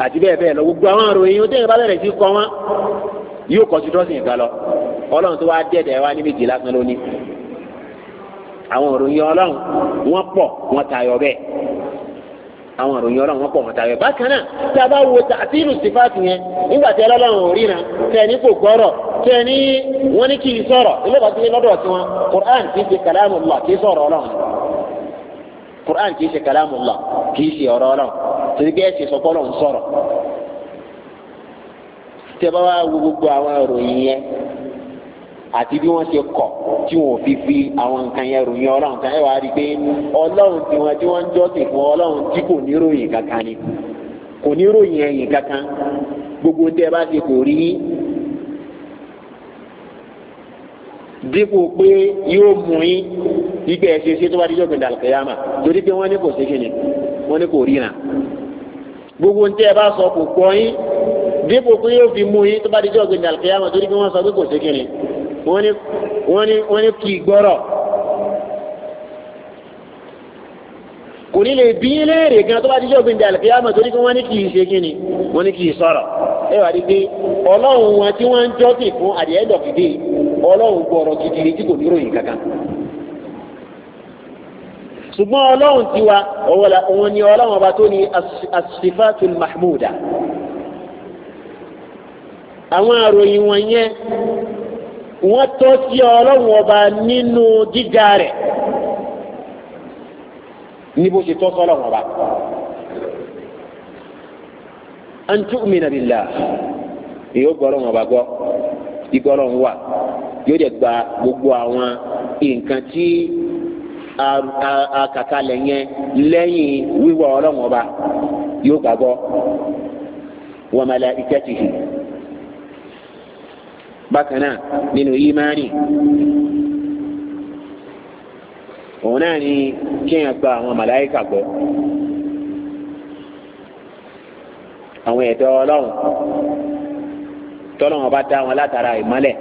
àti bẹ́ẹ̀ bẹ́ẹ̀ lọ gbogbo àwọn àròyìn yóò tẹ̀yìn bá bẹ̀rẹ̀ sí wọn yóò kọ sí dọ́sìn lọ ọlọ́run tó wá dẹ̀dẹ̀ wá ní méjì lásán lónìí àwọn ọlọ́run wọ́n pọ̀ wọ́n tayọ bẹ́ẹ̀. àwọn ìròyìn ọlọ́run wọn pọ̀ wọn tàwé bákan náà tí a bá wo tààtìlù sífàtì yẹn nígbà tí ọlọ́run ò ríran tẹ̀ní kò gbọ́rọ̀ tẹ̀ní wọn ní kì í sọ̀rọ̀ ilé ìbá tilé lọ́dọ̀ tí wọn Qur'an kì í ṣe kàlámù Allah kì í sọ̀rọ̀ ọlọ́run Qur'an kì í ṣe kàlámù Allah kì í ṣe ọ̀rọ̀ ọlọ́run torí bí ẹ ṣe sọpọ́ ọlọ́run sọ̀rọ̀ tí a bá wá wo gbogbo àwọn ìròyìn yẹn àti bí wọ́n ṣe kọ̀ tí wọ́n fi fi àwọn nǹkan yẹn ròyìn ọlọ́run kan ẹ̀ wá rí i pé ọlọ́run tí wọ́n tí wọ́n ń jọ́sìn fún ọlọ́run tí kò ní ròyìn kankan ni kò ní ròyìn ẹ̀yìn kankan gbogbo tẹ́ bá ti kò rí dípò pé yóò mú yín gbígbé ẹsẹ ṣe tó bá díjọ́ gbẹ̀dà àlùkìyàmà torí pé wọ́n ní kò ṣe kí ni wọ́n ní kò ríran gbogbo ntẹ́ ẹ bá sọ kò pọ̀ yín dípò pé yóò fi mú yín tó bá díjọ́ gbẹ̀dà àlùkìyàmà torí pé wọ́n sọ pé kò ṣe kí ni wọ́n ní wọ́n ní wọ́n ní kì í gbọ́rọ̀ kò ní lè bí léèrè gan tó bá díjọ́ gbìndé àlùkìyàmọ̀ torí kí wọ́n ní kì í ṣe kíni wọ́n ní kì í sọ̀rọ̀ ẹ wà rí pé ọlọ́run wọn tí wọ́n ń jọ́sìn fún àdìẹ́ dọ̀fìdè ọlọ́run gbọ́rọ̀ kìkìrì tí kò ní ròyìn kankan ṣùgbọ́n ọlọ́run ti wa òun ni ọlọ́run ọba tó ní asifatul mahmuda àwọn àròyìn wọn yẹn wọ́n tọ́ sí ọlọ́run ọba nínú jíjà rẹ̀ níbo ṣe tọ́ sọ́lọ̀ wọn ba an tu'mina billah yóò gbọ́ ọlọ́run ọba gbọ́ igbọ́ ọlọ́run wà yóò dẹ̀ gba gbogbo àwọn nǹkan tí akakalẹ̀ yẹn lẹ́yìn wíwọ́ ọlọ́run ọba yóò gbàgbọ́ wa malaikatihi. bákan náà nínú ìmánì òun náà ni kéèyàn gba àwọn màláìkà gbọ́ àwọn ẹ̀dọ́ ọlọ́run tọ́lọ́run bá dá wọn látara ìmọ́lẹ̀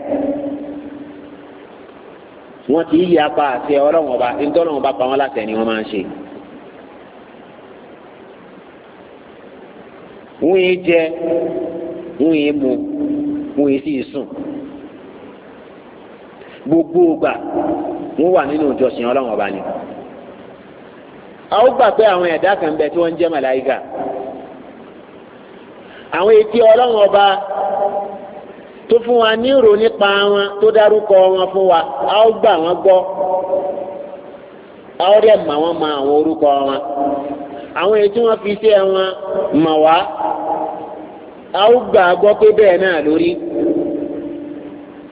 wọn ti yí apá àti ọlọ́run ọba ntọ́lọ́run ọba pa wọn ni wọ́n máa ń ṣe. jẹ mu sì sùn. gbogbo ògbà wọn wà nínú ìjọsìn Ọlọ́run ọba ni. àwọn gbà pé àwọn ẹ̀dá kan bẹ tí wọ́n ń jẹ́ àwọn etí ọba tó fún wa nírò nípa wọn tó dárúkọ wọn fún wa a gbà wọn gbọ́ mà mọ àwọn orúkọ wọn àwọn etí wọn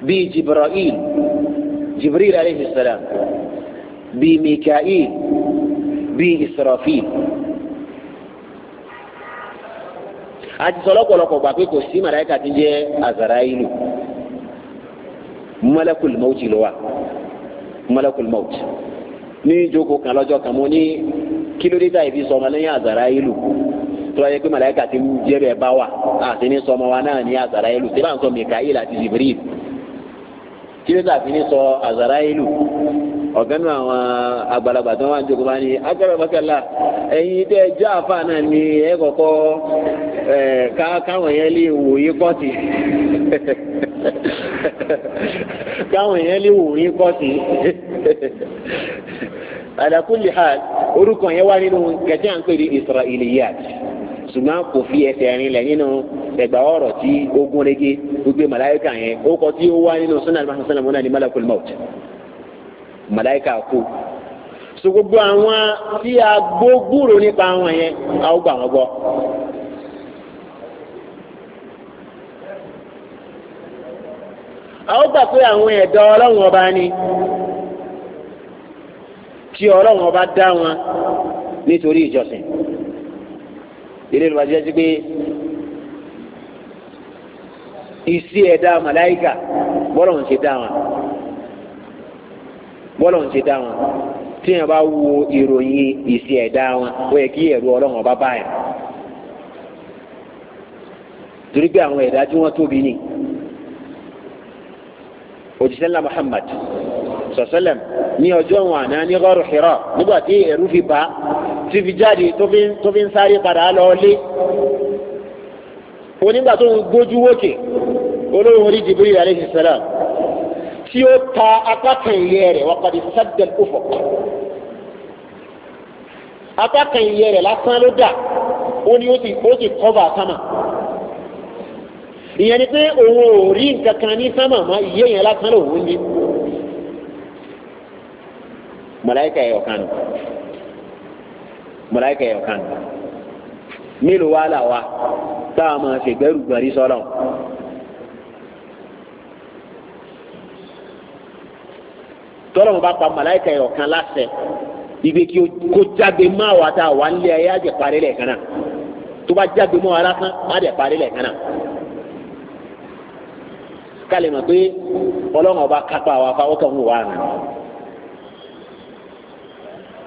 fi wọn جبريل عليه السلام بميكائيل بإسرافيل àti sọ lọ́pọ̀lọpọ̀ gbà pé kò sí màláìka tí ń jẹ́ azarailu mọ́lẹ́kùl mọ́ọ̀tì ló wà mọ́lẹ́kùl mọ́ọ̀tì ní ìjókòó kan lọ́jọ́ kan mo ní kílódé tá ìbí sọmọ lẹ́yìn azarailu tó wáyé pé màláìka tí ń jẹ́ bá wà àti ní sọmọ wa náà ní azarailu tí bá ń sọ mikael àti jibril kílódé àfi ní sọ àzàrà ìlú ọ̀gánu àwọn àgbàlagbà tó wà ń jókòó bá ní agbábàkàlà ẹ̀yin tẹ́ jẹ́ àfa náà ni ẹ kọ́kọ́ káwọn yẹn lè wòye kọ́ọ̀tì káwọn yẹn lè wòye kọ́ọ̀tì ala kulli hal orúkọ yẹn wà nínú kẹtí à ń pè ní israiliyat ṣùgbọ́n kò fi ẹsẹ̀ rìn lẹ̀ nínú ẹgbà ọ̀rọ̀ tí ó gún régé gbogbo màláìka yẹn ó kọ tí ó wá nínú sunan alibasa sallam náà ní malakul maut màláìka kú so gbogbo àwọn tí a gbọ́ gbúrò nípa àwọn yẹn a ó gbà wọn gbọ́. a ó gbà pé àwọn ẹ̀dá ọlọ́run ọba ni tí ọlọ́run ọba dá wọn nítorí ìjọsìn ilé ìlú wa jẹ́ sí pé ìsí ẹ̀dá màláìkà bọ́lọ̀ ń ṣe dá wọn bọ́lọ̀ ń ṣe dá wọn tí yẹn bá wo ìròyìn ìsí ẹ̀dá wọn ó yẹ kí ẹ̀rù ọlọ́run ọba báyà torí pé àwọn ẹ̀dá tí wọ́n tóbi ni òjíṣẹ́ Muhammad sọ̀sẹ́lẹ̀m ní ọjọ́ wọn àná ní gọ́rù Hira nígbà tí ẹ̀rù fi bá tí fi jáde tó fi sáré padà lọ́ọ́lé onígbà tó ń gbójú wókè olóhùn orí Jibril alayhi salam tí ó ta apá kan ìyẹ́ rẹ̀ wọ́n padì sẹ́dẹ̀l ufọ̀ apá kan ìyẹ́ rẹ̀ lásán ló dà ó ní ó sì kọ́bà sámà ìyẹn ni pé òun ò rí nǹkan kan ní sámà mọ́ ìyẹ́ yẹn lásán lòun ní mọ̀láìkà ẹ̀yọ̀ kan mọ̀láìkà ẹ̀yọ̀ kan mélòó wá là wá tá a máa fègbẹ́rù gbọ̀nrí sọ́lọ̀. tọ́lọ̀ mo bá pa màláìka ẹ̀ ọ̀kan láṣẹ ibi kí kó jáde máa wà tá a wà nílé ayé àjẹ parí lẹ̀ kan náà tó bá jáde mọ́ ara kan àjẹ parí lẹ̀ kan náà kálí mọ̀ pé ọlọ́run ọba kápá wa fa ọkàn wò wá nù.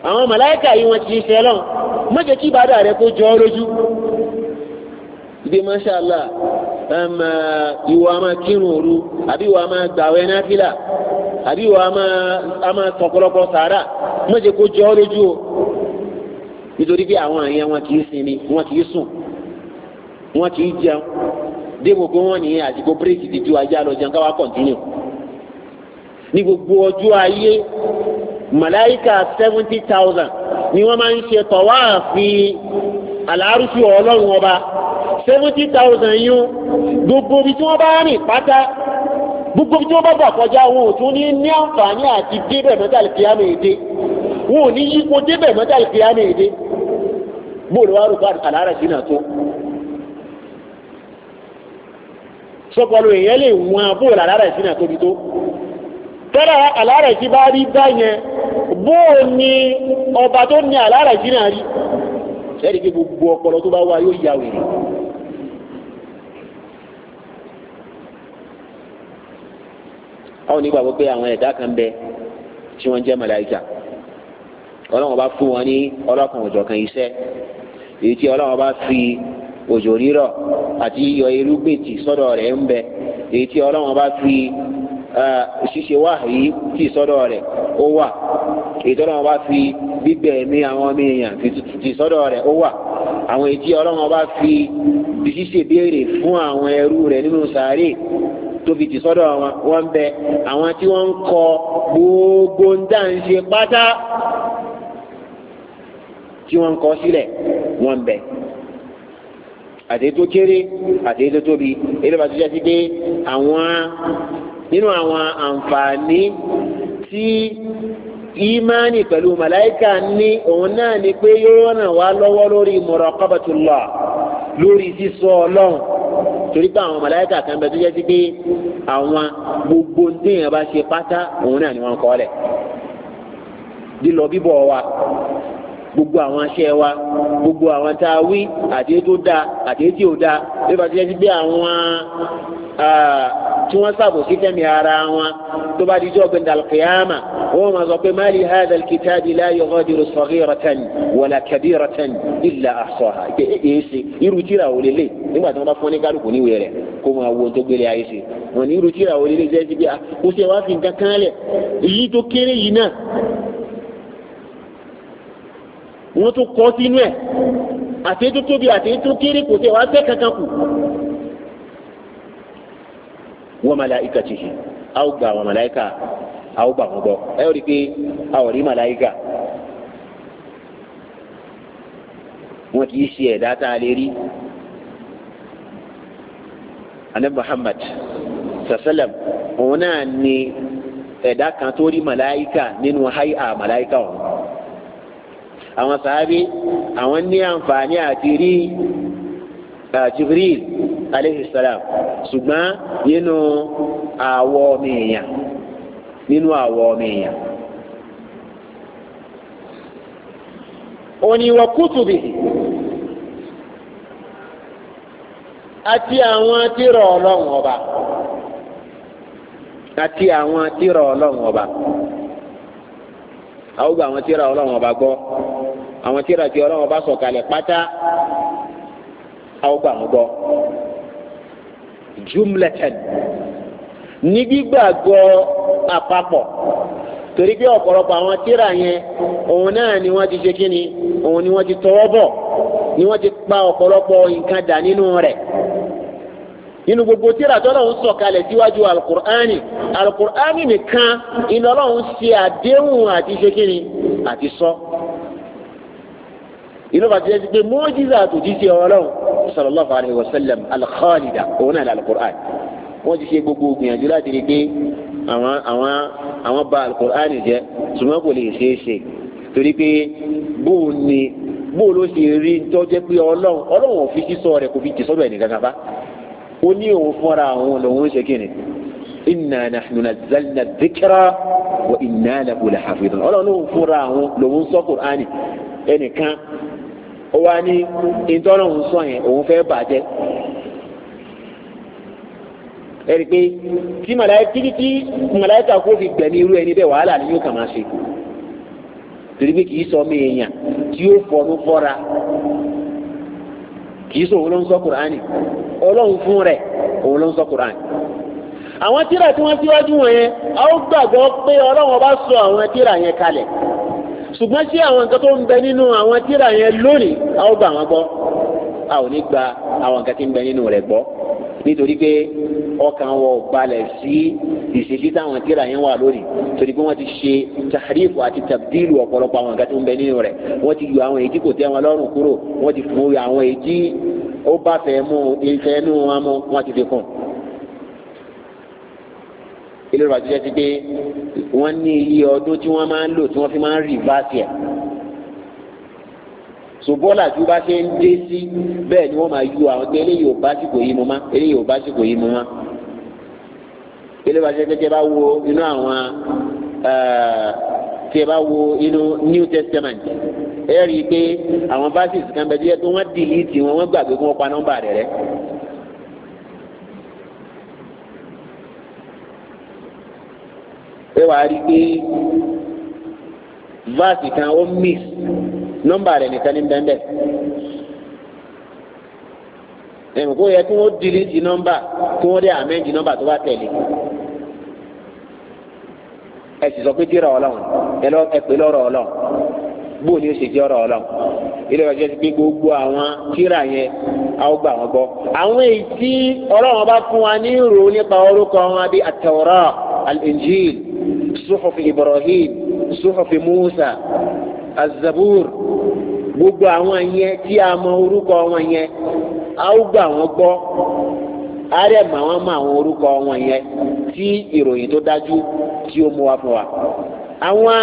àwọn màláìka yìí wọ́n ti ṣe lọ́n mọ̀jẹ̀ kí bàdà rẹ kó jọ ọ́ lójú ibi mọ́ṣálà ìwà máa kírun òru àbí ìwà máa gbàwẹ̀ náfìlà àbí ìwà máa tọ̀pọ̀lọpọ̀ sàárà mọ́jẹ kó jọ ọ́ lójú o nítorí pé àwọn àyẹn wọn kì í sinmi wọn kì í sùn wọn kì í jẹun débò pé wọn nìyẹn àsìkò bírèkì ti ajá lọ jẹun káwá kọ̀ǹtínú ní gbogbo ọjọ́ ayé màláìka seventy thousand ni wọ́n máa ń ṣe tọ̀wáàfin àlárúfin ọlọ́run ọba seventy thousand yún gbogbo ibi tí wọ́n bá rìn pátá gbogbo ibi tí wọ́n bá bà kọjá wọn ò tún ní ní àǹfààní àti débẹ̀ mẹ́ta ìfìyàmì èdè wọn ò ní yípo débẹ̀ mẹ́ta ìfìyàmì èdè bóòlù wa rògbà àlàárẹ̀ sí náà tó sọpọlọ èèyàn lè wọn bóòlù àlàárẹ̀ sí náà tóbi tó tẹ́lẹ̀ àlàárẹ̀ sí bá rí báyẹn bóò ni ọba tó ní àlàárẹ̀ sí náà rí gbogbo ọpọlọ tó bá wá yóò yà wèrè àwọn onígbàgbọ́ pé àwọn ẹ̀dá kan bẹ tí wọ́n jẹ́ màláíkà ọlọ́run bá fún wọn ní ọlọ́kan òjọ̀kan iṣẹ́ èyí tí ọlọ́run bá fi òjò rírọ̀ àti yíyọ irúgbìn tì sọ́dọ̀ rẹ̀ ń bẹ èyí tí ọlọ́run bá fi ṣíṣe wá yìí tì sọ́dọ̀ rẹ̀ ó wà èyí tí ọlọ́run bá fi gbígbẹ̀ ẹ̀mí àwọn ọmọ èèyàn tì sọ́dọ̀ rẹ̀ ó wà àwọn èyí tí ọlọ́run bá fi ṣíṣe béèrè fún àwọn ẹrú rẹ̀ nínú sàárè tóbi jù sọ́dọ̀ wọn wọ́n bẹ àwọn tí wọ́n ń kọ gbogbo ń dá ń ṣe pátá tí wọ́n ń kọ sílẹ̀ wọ́n bẹ àtẹ̀tò kéré àtẹ̀tò tóbi eléba tó jẹ́ pé àwọn nínú àwọn àǹfààní tí ìmánì pẹ̀lú màláìkà ní òun náà ni pé yóò ràn wá lọ́wọ́ lórí muraqabatullah lórí sísọ ọlọ́run torí pé àwọn màláíkà kan bẹ tó jẹ́ sí pé àwọn gbogbo téèyàn bá ṣe pátá òun náà ni wọ́n kọ lẹ̀ lílọ bíbọ̀ wa gbogbo àwọn aṣẹ wa gbogbo àwọn tá a wí àti ètò dáa àti ètò ò bí wọ́n ti jẹ́ sí pé àwọn. Ah, tí wọ́n ṣàbòsí fẹ́mi ara wọn tó bá dijọ́ gbé dàlùkìyàmà wọ́n máa sọ pé máàlì hàdà kìtàbí la yughadiru saghiratan wala kabiratan illa ahsaha ké èsì eh, eh, irú tíra ò lélẹ̀ nígbà tí wọ́n bá fún ní kálukú níwèé rẹ̀ kó máa wo tó gbélé ayé sí wọn ní irú tíra ò lélẹ̀ jẹ́ síbi àkóso wa fi nǹkan kan lẹ̀ èyí tó kéré yìí náà wọ́n tó kọ́ sínú ẹ̀ àti wa malaikatihi a ó gba àwọn màláìka a ó gbà wọn gbọ́ ẹ ó rí wọn kì í ṣe ẹ̀dá tá a muhammad sasalam òun náà ni ẹ̀dá kan tó rí màláìka nínú háyà màláìka ọ̀hún àwọn sàábí àwọn ní àǹfààní àti rí Jibril. aleyhi salam ṣùgbọ́n nínú àwọ̀ ọmọ èèyàn nínú àwọ̀ ọmọ èèyàn. àti àwọn tírà ọlọ́run ọba àti àwọn tírà ọlọ́run ọba àwọn gba àwọn tírà ọlọ́run ọba gbọ́ àwọn tírà tí ọlọ́run ọba jumlatan ní gbígbàgbọ́ àpapọ̀ torí pé ọ̀pọ̀lọpọ̀ àwọn tíra yẹn òun náà ni wọ́n ti ṣe kí ni òun ni wọ́n ti tọwọ́ bọ̀ ni wọ́n ti pa ọ̀pọ̀lọpọ̀ nǹkan dà nínú rẹ̀ nínú gbogbo tíra tọ́lọ́hún sọ̀kalẹ̀ síwájú alukur'ani alukur'ani nìkan ìlọ́lọ́hún ṣe àdéhùn àti ṣe kí ni àti sọ. So inú bàtí ẹ ti pé mọ́jísà àtòjísé ọlọ́run sallallahu alayhi wa sallam al-khalida òun náà al-Qur'an wọ́n ti ṣe gbogbo gbìyànjú láti rí pé àwọn àwọn àwọn ba al-Qur'an jẹ́ ṣùgbọ́n kò lè ṣeé ṣe torí pé bóun ni bóun ló ṣe rí tọ́jẹ́ pé ọlọ́run ọlọ́run ò fi sísọ rẹ̀ kò fi tì sọ́dọ̀ ẹnìkan kan bá ó ní òun fúnra òun lòun ṣe kí ni inna nahnu nazzalna dhikra wa inna lahu lahafidun ọlọ́run òun fúnra òun lòun sọ kùránì ẹnìkan ó wá ní ìtọ́nà òun sọ yẹn òun fẹ́ bàjẹ́ ẹ̀rí pé tí màláyé kó fi gbẹ̀mí irú ẹni bẹ́ẹ̀ wàhálà ni yóò kà máa ṣe torí pé kìí sọ mí èèyàn tí yóò fọnú fọ́ra kìí sọ òun sọ kùránì ọlọ́run fún rẹ̀ òun ló ń sọ kùránì. àwọn tíra tí wọ́n síwájú wọn yẹn a ọba sọ àwọn tíra yẹn kalẹ̀ ṣùgbọ́n sí àwọn nǹkan tó ń bẹ nínú àwọn tíra yẹn lónìí a ó gbà wọn gbọ́ a ò ní gba àwọn nǹkan tí ń bẹ nínú rẹ̀ gbọ́ nítorí pé ọkàn wọn ò balẹ̀ sí ìṣesí táwọn tíra yẹn wà lónìí torí pé wọ́n ti ṣe tahrifu àti tabdilu ọ̀pọ̀lọpọ̀ àwọn nǹkan tó ń bẹ nínú rẹ̀ wọ́n ti yọ àwọn èyí tí kò tẹ́ wọn lọ́rùn kúrò wọ́n ti fún àwọn èyí tí ó bá fẹ́ mú ìfẹ́ nínú wọn mú wọ́n ti fi kún ilé ìrọ̀lẹ́ àtijọ́ ti pé wọ́n ní iye ọdún tí wọ́n máa ń lò tí wọ́n fi máa ń rìvásì ẹ̀ ṣùgbọ́n àti bá ṣe ń dé sí bẹ́ẹ̀ ni wọ́n máa yú àwọn pé eléyìí ò básìkò yìí mo má eléyìí ò básìkò yìí mo má ilé ìrọ̀lẹ́ àtijọ́ bá wo inú àwọn eh, tí bá wo inú New Testament ẹ rí i pé àwọn verses kan bẹ tí wọ́n delete wọn wọ́n gbàgbé kí wọ́n pa nọ́mbà rẹ̀ rẹ́. ẹ wàá rí pé vaasi kan ó mix nọ́mbà rẹ̀ nìkan ní bẹ́ẹ̀ bẹ́ẹ̀ ẹ̀mí kó yẹ kí wọ́n diliti nọ́mbà kí wọ́n dé amẹ́ndì nọ́mbà tó bá tẹ̀lé ẹ sì sọ pé jíra ọlọ́run ẹ pè lọ́rọ̀ ọlọ́run bó ni ó ṣe jẹ́ ọ̀rọ̀ ọlọ́run ilé ìwà jẹ́sí pé gbogbo àwọn tíra yẹn a ó gbà wọ́n gbọ́ àwọn èyí tí ọlọ́run bá fún wa ní ìrò nípa orúkọ wọn bí àtẹ̀wọ́rọ́. الإنجيل صحف إبراهيم صحف موسى الزبور gbogbo àwọn yẹn tí a mọ orúkọ wọn yẹn a ó gbà wọn gbọ́ a rẹ̀ mọ àwọn mọ àwọn orúkọ wọn yẹn tí ìròyìn tó dájú tí ó mú wa fún wa. àwọn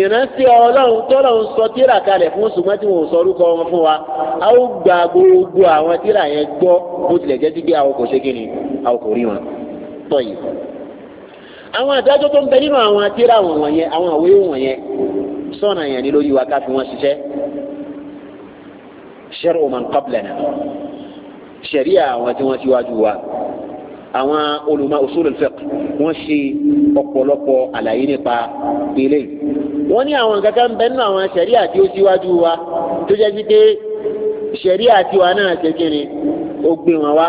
ìrántí ọlọ́run tọ́lọ̀ ń sọ tíra kalẹ̀ fún ṣùgbọ́n tí wọ́n sọ orúkọ wọn fún wa a ó gba gbogbo àwọn tíra yẹn gbọ́ bó tilẹ̀ jẹ́ sí pé àwọn kò ṣe kí ni àwọn kò rí wọn. tọ́yì àwọn àdájọ́ tó ń bẹ nínú àwọn atíra àwọn wọ̀nyẹn àwọn àwé wọ̀nyẹn sọ̀nà yẹn ni lórí wa ká fi wọ́n ṣiṣẹ́ shar'u man qablana ṣẹ̀ríà àwọn tí wọ́n ṣíwájú wa àwọn olùmọ̀ usulul fiqh wọ́n ṣe ọ̀pọ̀lọpọ̀ àlàyé nípa ilé wọ́n ní àwọn kankan ń bẹ nínú àwọn ṣẹ̀ríà tí ó ṣíwájú wa tó jẹ́ sí pé ṣẹ̀ríà tiwa náà ṣe kí ni ó gbé wọn wá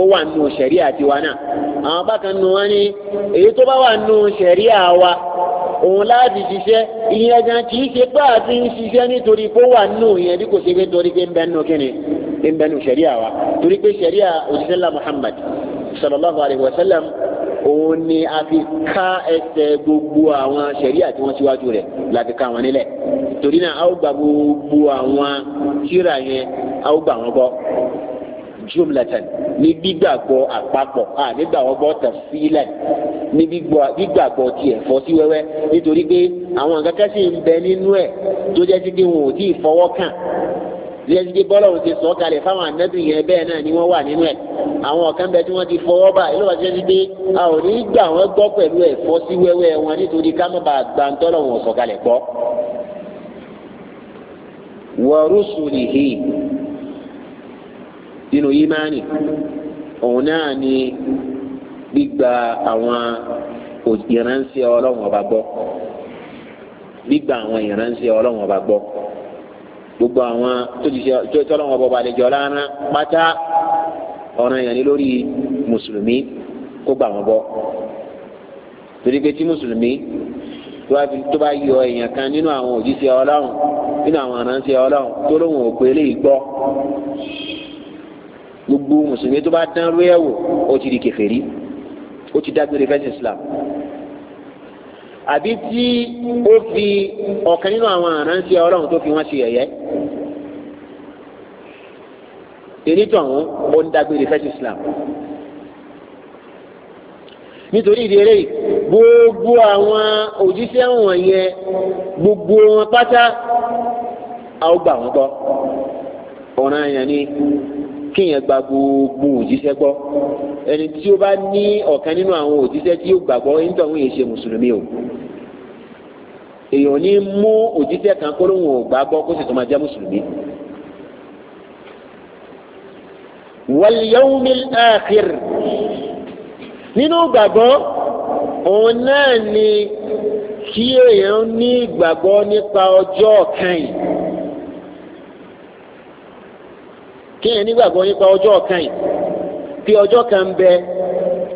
ó wà nínú ṣẹ̀ríà tiwa náà àwọn bákan nù wọn ní èyí tó bá wà nù ṣẹ̀ríà wa òun láti ṣiṣẹ́ ìyẹn gan kì í ṣe pé àti ń ṣiṣẹ́ nítorí kó wà nù ìyẹn bí kò ṣe pé torí pé ń bẹ nù kíni ń bẹ nù ṣẹ̀ríà wa torí pé ṣẹ̀ríà òṣìṣẹ́ la Muhammad sallallahu alayhi wa sallam òun ni a fi ká ẹsẹ̀ gbogbo àwọn ṣẹ̀ríà tí wọ́n ṣíwájú rẹ̀ láti ká wọn nílẹ̀ torí náà a ó gba gbogbo àwọn kíra yẹn a ó gbà wọn gbọ́. jumlatan ni gbígbàgbọ́ àpapọ̀ à nígbàgbọ́ tafsilan ní gbígbàgbọ́ tiẹ̀ fọ́ sí wẹ́wẹ́ nítorí pé àwọn nǹkan kan sì ń bẹ nínú ẹ̀ tó jẹ́ sí pé wọn ò tí ì fọwọ́ kàn lẹ́sìkí bọ́lá òun ti sọ kalẹ̀ fáwọn naa yẹn bẹ́ẹ̀ náà ni wọ́n wà nínú ẹ̀ àwọn ọ̀kan bẹ tí wọ́n ti fọwọ́ bá ìlú wa ti ṣe pé a ò ní gbà wọ́n gbọ́ pẹ̀lú ẹ̀fọ́ sí wẹ́wẹ́ wọn nítorí ká má wọn nínú yimani òun náà ni gbígba àwọn ìránṣẹ́ ọlọ́run ọba gbọ́ gbígba àwọn ìránṣẹ́ ọlọ́run ọba gbọ́ gbogbo àwọn tó ti ṣe tọ́lọ́run ọba àlejò ọlọ́run pátá ọ̀ràn yẹn ni lórí mùsùlùmí kó gbà wọ́n gbọ́ torí pé tí mùsùlùmí tó bá yọ èèyàn kan nínú àwọn òjíṣẹ́ ọlọ́run nínú àwọn ìránṣẹ́ ọlọ́run tó lóun ò pé eléyìí gbọ́ gbogbo mùsùlùmí tó bá dán rú ẹ̀ wò ó ti di kèfèrí ó ti dágbére fẹ́sìn islam àbí tí ó fi ọ̀kan nínú àwọn àránṣẹ́ ọlọ́run tó fi wọ́n ṣe yẹ̀yẹ́ onítọ̀hún ó ń dágbére fẹ́sìn islam nítorí ìdí eré gbogbo àwọn òjíṣẹ́ wọ̀nyẹn gbogbo wọn pátá a ó gbà wọ́n gbọ́ ọ̀ràn yẹn ni kéèyàn gba gbogbo òjíṣẹ́ gbọ́ ẹni tí ó bá ní ọ̀kan nínú àwọn òjíṣẹ́ tí ó gbàgbọ́ nítorí òun yẹn ṣe mùsùlùmí o èèyàn ní mú òjíṣẹ́ kan kó lóun ò gbàgbọ́ kó sì tó máa jẹ́ mùsùlùmí. wal yawmil akhir nínú gbàgbọ́ òun náà ni kí èèyàn ní ìgbàgbọ́ nípa ọjọ́ kan yìí. kéèyàn nígbàgbọ́ nípa ọjọ́ kan yìí pé ọjọ́ kan ń bẹ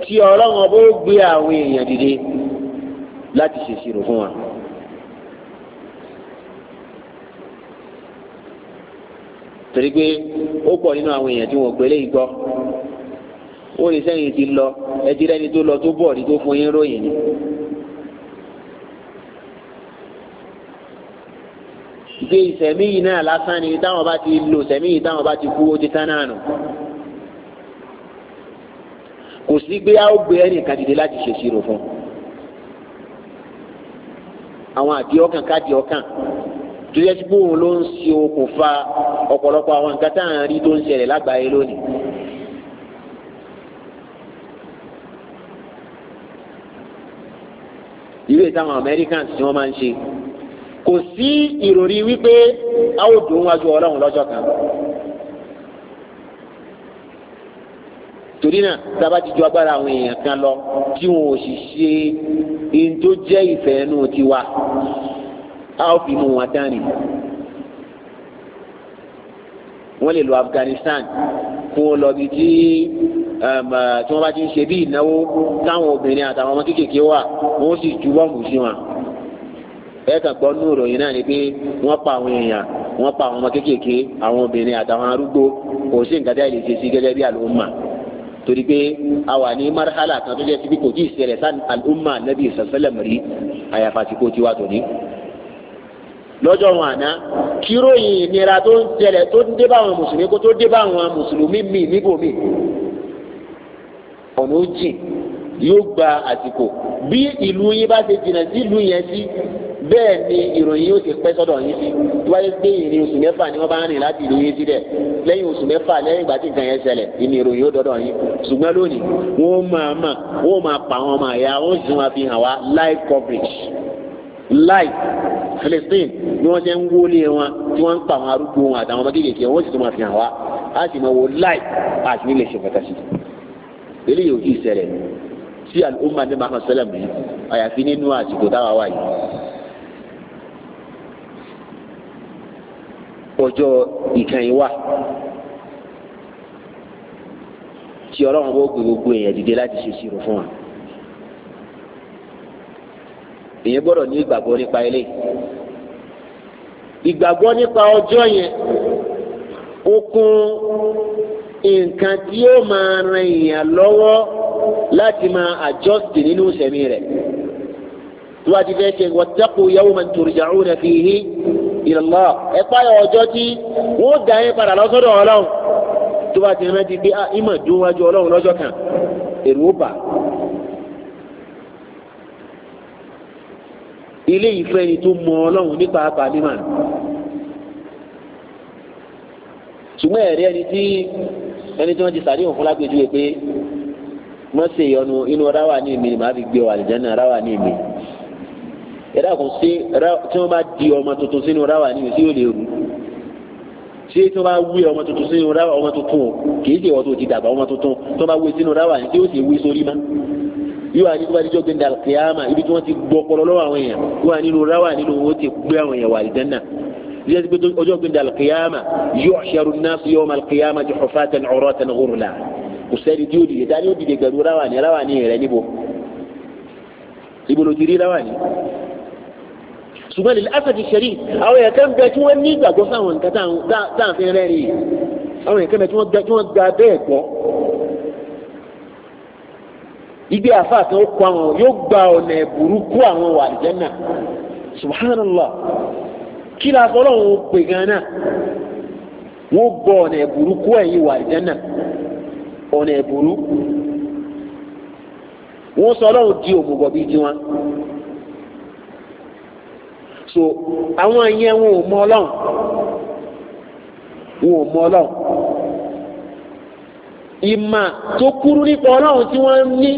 tí ọlọ́run ọba ó gbé àwọn èèyàn dìde láti ṣèṣirò fún wa. torí pé ó pọ̀ nínú àwọn èèyàn tí wọ́n gbé gbọ́ ti lọ ẹ ti rẹ́ni tó lọ tó bọ̀ ní tó fún yín ròyìn gbé ìsẹ̀mí yìí náà lásán ni táwọn bá ti lò sẹ̀mí yìí táwọn bá ti kú ó ti tán náà nù. kò sí gbé àwọn gbé ẹnìkan dìde láti ṣèṣirò fún un àwọn àdìẹ ọkàn káàdì ọkàn tó yẹ sípò òun ló ń ṣe okùnfà ọ̀pọ̀lọpọ̀ àwọn nǹkan tá à ń rí tó ń ṣẹlẹ̀ lágbàáyé lónìí. ìwé táwọn Americans tí wọ́n máa ń ṣe kò sí ìròrí wípé a ó dùn wájú ọlọ́run lọ́jọ́ kan torí náà sábà ti ju agbára àwọn èèyàn kan lọ tí wọn ò sì ṣe ihun tó jẹ́ ìfẹ́ inú tiwa a ó fi mú wọn dání wọ́n lè lọ Afghanistan kó wọn lọ bí tí um, tí wọ́n bá ti ń ṣe bí ìnáwó táwọn obìnrin àtàwọn ọmọ kéékèèké wà wọ́n sì ju bọ́ǹbù sí wọn ẹ̀ẹ́kan gbọ́ nú ìròyìn náà ni pé wọ́n pa àwọn èèyàn wọ́n pa àwọn ọmọ kéékèèké àwọn obìnrin àtàwọn arúgbó kò sí nǹkan táyà lè ṣe sí gẹ́gẹ́ bí àlùmà torí pé a wà ní marhala kan tó jẹ́ síbi kò tí ì ṣẹlẹ̀ sáà àlùmà nàbí ìsọ̀sẹ́lẹ̀m rí àyàfà tí kò tiwa tòní. lọ́jọ́ wọn àná kíròyìn ìnira tó ń ṣẹlẹ̀ tó ń dé báwọn mùsùlùmí kó tó dé báwọn mùsùlùmí míì níbòmíì ọ̀nà ó jìn yóò gba àsìkò bí ìlú yín bá ṣe jìnnà sí ìlú yẹn sí bẹ́ẹ̀ ni ìròyìn yóò ti pẹ́ sọ́dọ̀ yín sí wáyé pé ìrìn oṣù mẹ́fà ni wọ́n bá rìn láti ìlú sí dẹ̀ lẹ́yìn oṣù mẹ́fà lẹ́yìn ìgbà tí nǹkan yẹn ṣẹlẹ̀ ìní ìròyìn wọ́n máa mà wọ́n máa pa àwọn ọmọ ya wọ́n sì máa fi hàn wá live coverage live philistine ni wọ́n ṣe ń wọlé wọn wọ́n ń pa arúgbó wọn àtàwọn ọmọ kéékèèké wọ́n sì fi hàn wá á sì máa wo live àti nílé ṣe pàtàkì ọjọ́ ìkànnì wà tí ọlọ́run bó gbé gbogbo èèyàn dìde láti ṣe ìṣirò fún wa èèyàn gbọ́dọ̀ ní ìgbàgbọ́ nípa ilé ìgbàgbọ́ nípa ọjọ́ yẹn ó kún nǹkan tí ó máa ran èèyàn lọ́wọ́ láti máa adjust nínú ìṣẹ̀mí rẹ̀ tó bá ti fẹ́ ṣe wattaqu yawman turja'una fihi ilallah ẹ páyọ ọjọ́ tí wọ́n dá yín padà lọ́sọ́dọ̀ ọlọ́run tó bá ti rántí pé ah, ìmọ̀ dún wájú ọlọ́run lọ́jọ́ kan èrò ó bà. ilé ìfẹ́ ni tó mọ ọlọ́run nípa apàmímà ṣùgbọ́n ẹ̀rí ẹni tí ẹni tí wọ́n ti sàdéhùn fún lágbèjúwe pé wọ́n ṣe ìyọnu inú ráwà ní ìmì ni màá fi gbé ọ àlìjẹ́ náà ráwà ní ìmì ẹ̀dá kò ṣe tí wọ́n bá di ọmọ tuntun sínú ráwà ní ìsí òde òru ṣé tí wọ́n bá wí ọmọ tuntun sínú ráwà ọmọ tuntun o kìí ṣe ìwọ́n tó ti dàgbà ọmọ tuntun tí wọ́n bá wí sínú ráwà ní tí ó sì wí sórí má yíwá ní tíwájú jọ́ gbẹ̀ndà kìáàmà ibi tí wọ́n ti gbọ́ ọpọlọ lọ́wọ́ àwọn èèyàn wíwá nínú ráwà nínú owó ti gbé àwọn èèyàn wà àlìjánnà yíyá pé ọjọ́ gbẹ̀ndà kìáàmà yóò ṣẹrù náà sí yọ́ọ̀mà kìáàmà jù hufatan uratan ghurla kò sẹ́ni tí ó dìde dání ó dìde pẹ̀lú ráwà ní ráwà ní ìrẹ́ níbo ibo ráwà ní ṣùgbọ́n lè asàfi ṣẹ̀rí àwọn èèyàn kan bẹ tí wọ́n ní ìgbàgbọ́ sáwọn nǹkan táàfin rẹ́rìn yìí àwọn èèyàn kan bẹ tí wọ́n gba bẹ́ẹ̀ gbọ́ igbe àfa kan ó kọ àwọn yóò gba ọ̀nà ẹ̀bùrú kú àwọn wà àlìjẹ́nà subhanallah kí la fọ́ lọ́wọ́ pè gánà wọ́n gbọ́ ọ̀nà ẹ̀bùrú kú ẹ̀yìn wà àlìjẹ́nà ọ̀nà ẹ̀bùrú wọ́n sọ ọlọ́run di òmùgọ̀ bíi tiwọn so àwọn yẹn wọn ò mọ ọlọ́run wọn ò mọ ọlọ́run ìmà tó kúrú nípa ọlọ́run tí wọ́n ní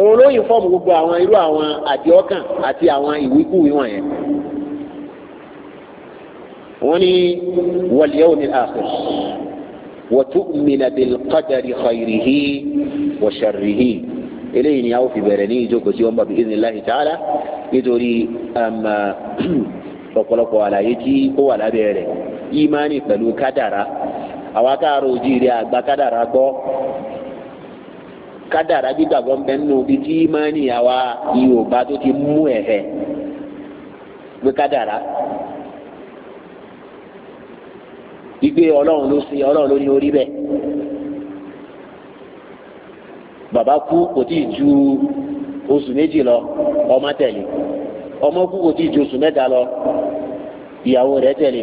òun ló fọ́ọ̀mù gbogbo àwọn irú àwọn àdìọ́kàn àti àwọn ìwíkúwí wọ̀nyẹn wọ́n ní wal yawmil akhir wa tu'mina bil qadari khayrihi wa sharrihi eléyìí ni a ó fi bẹ̀rẹ̀ ní ìjókòó sí ọmọ bíi ìdílé ta'ala nítorí um, ọ̀pọ̀lọpọ̀ àlàyé tí ó wà lábẹ́ rẹ̀ ìmánì pẹ̀lú kádàrá àwa káàárọ̀ oòjíire àgbà kádàrá gbọ́ kádàrá gbígbàgbọ́ ń bẹ nínú ibi tí ìmánì àwa Yorùbá tó ti mú ẹ̀fẹ̀ gbé kádàrá ìgbé ọlọ́run ló ṣe ọlọ́run ló ní orí bẹ́ẹ̀. Baba ku kò tí ju oṣù méjì lọ ọmọ tẹ̀lé ọmọ kú kò tí ju oṣù mẹ́ta lọ ìyàwó rẹ̀ tẹ̀lé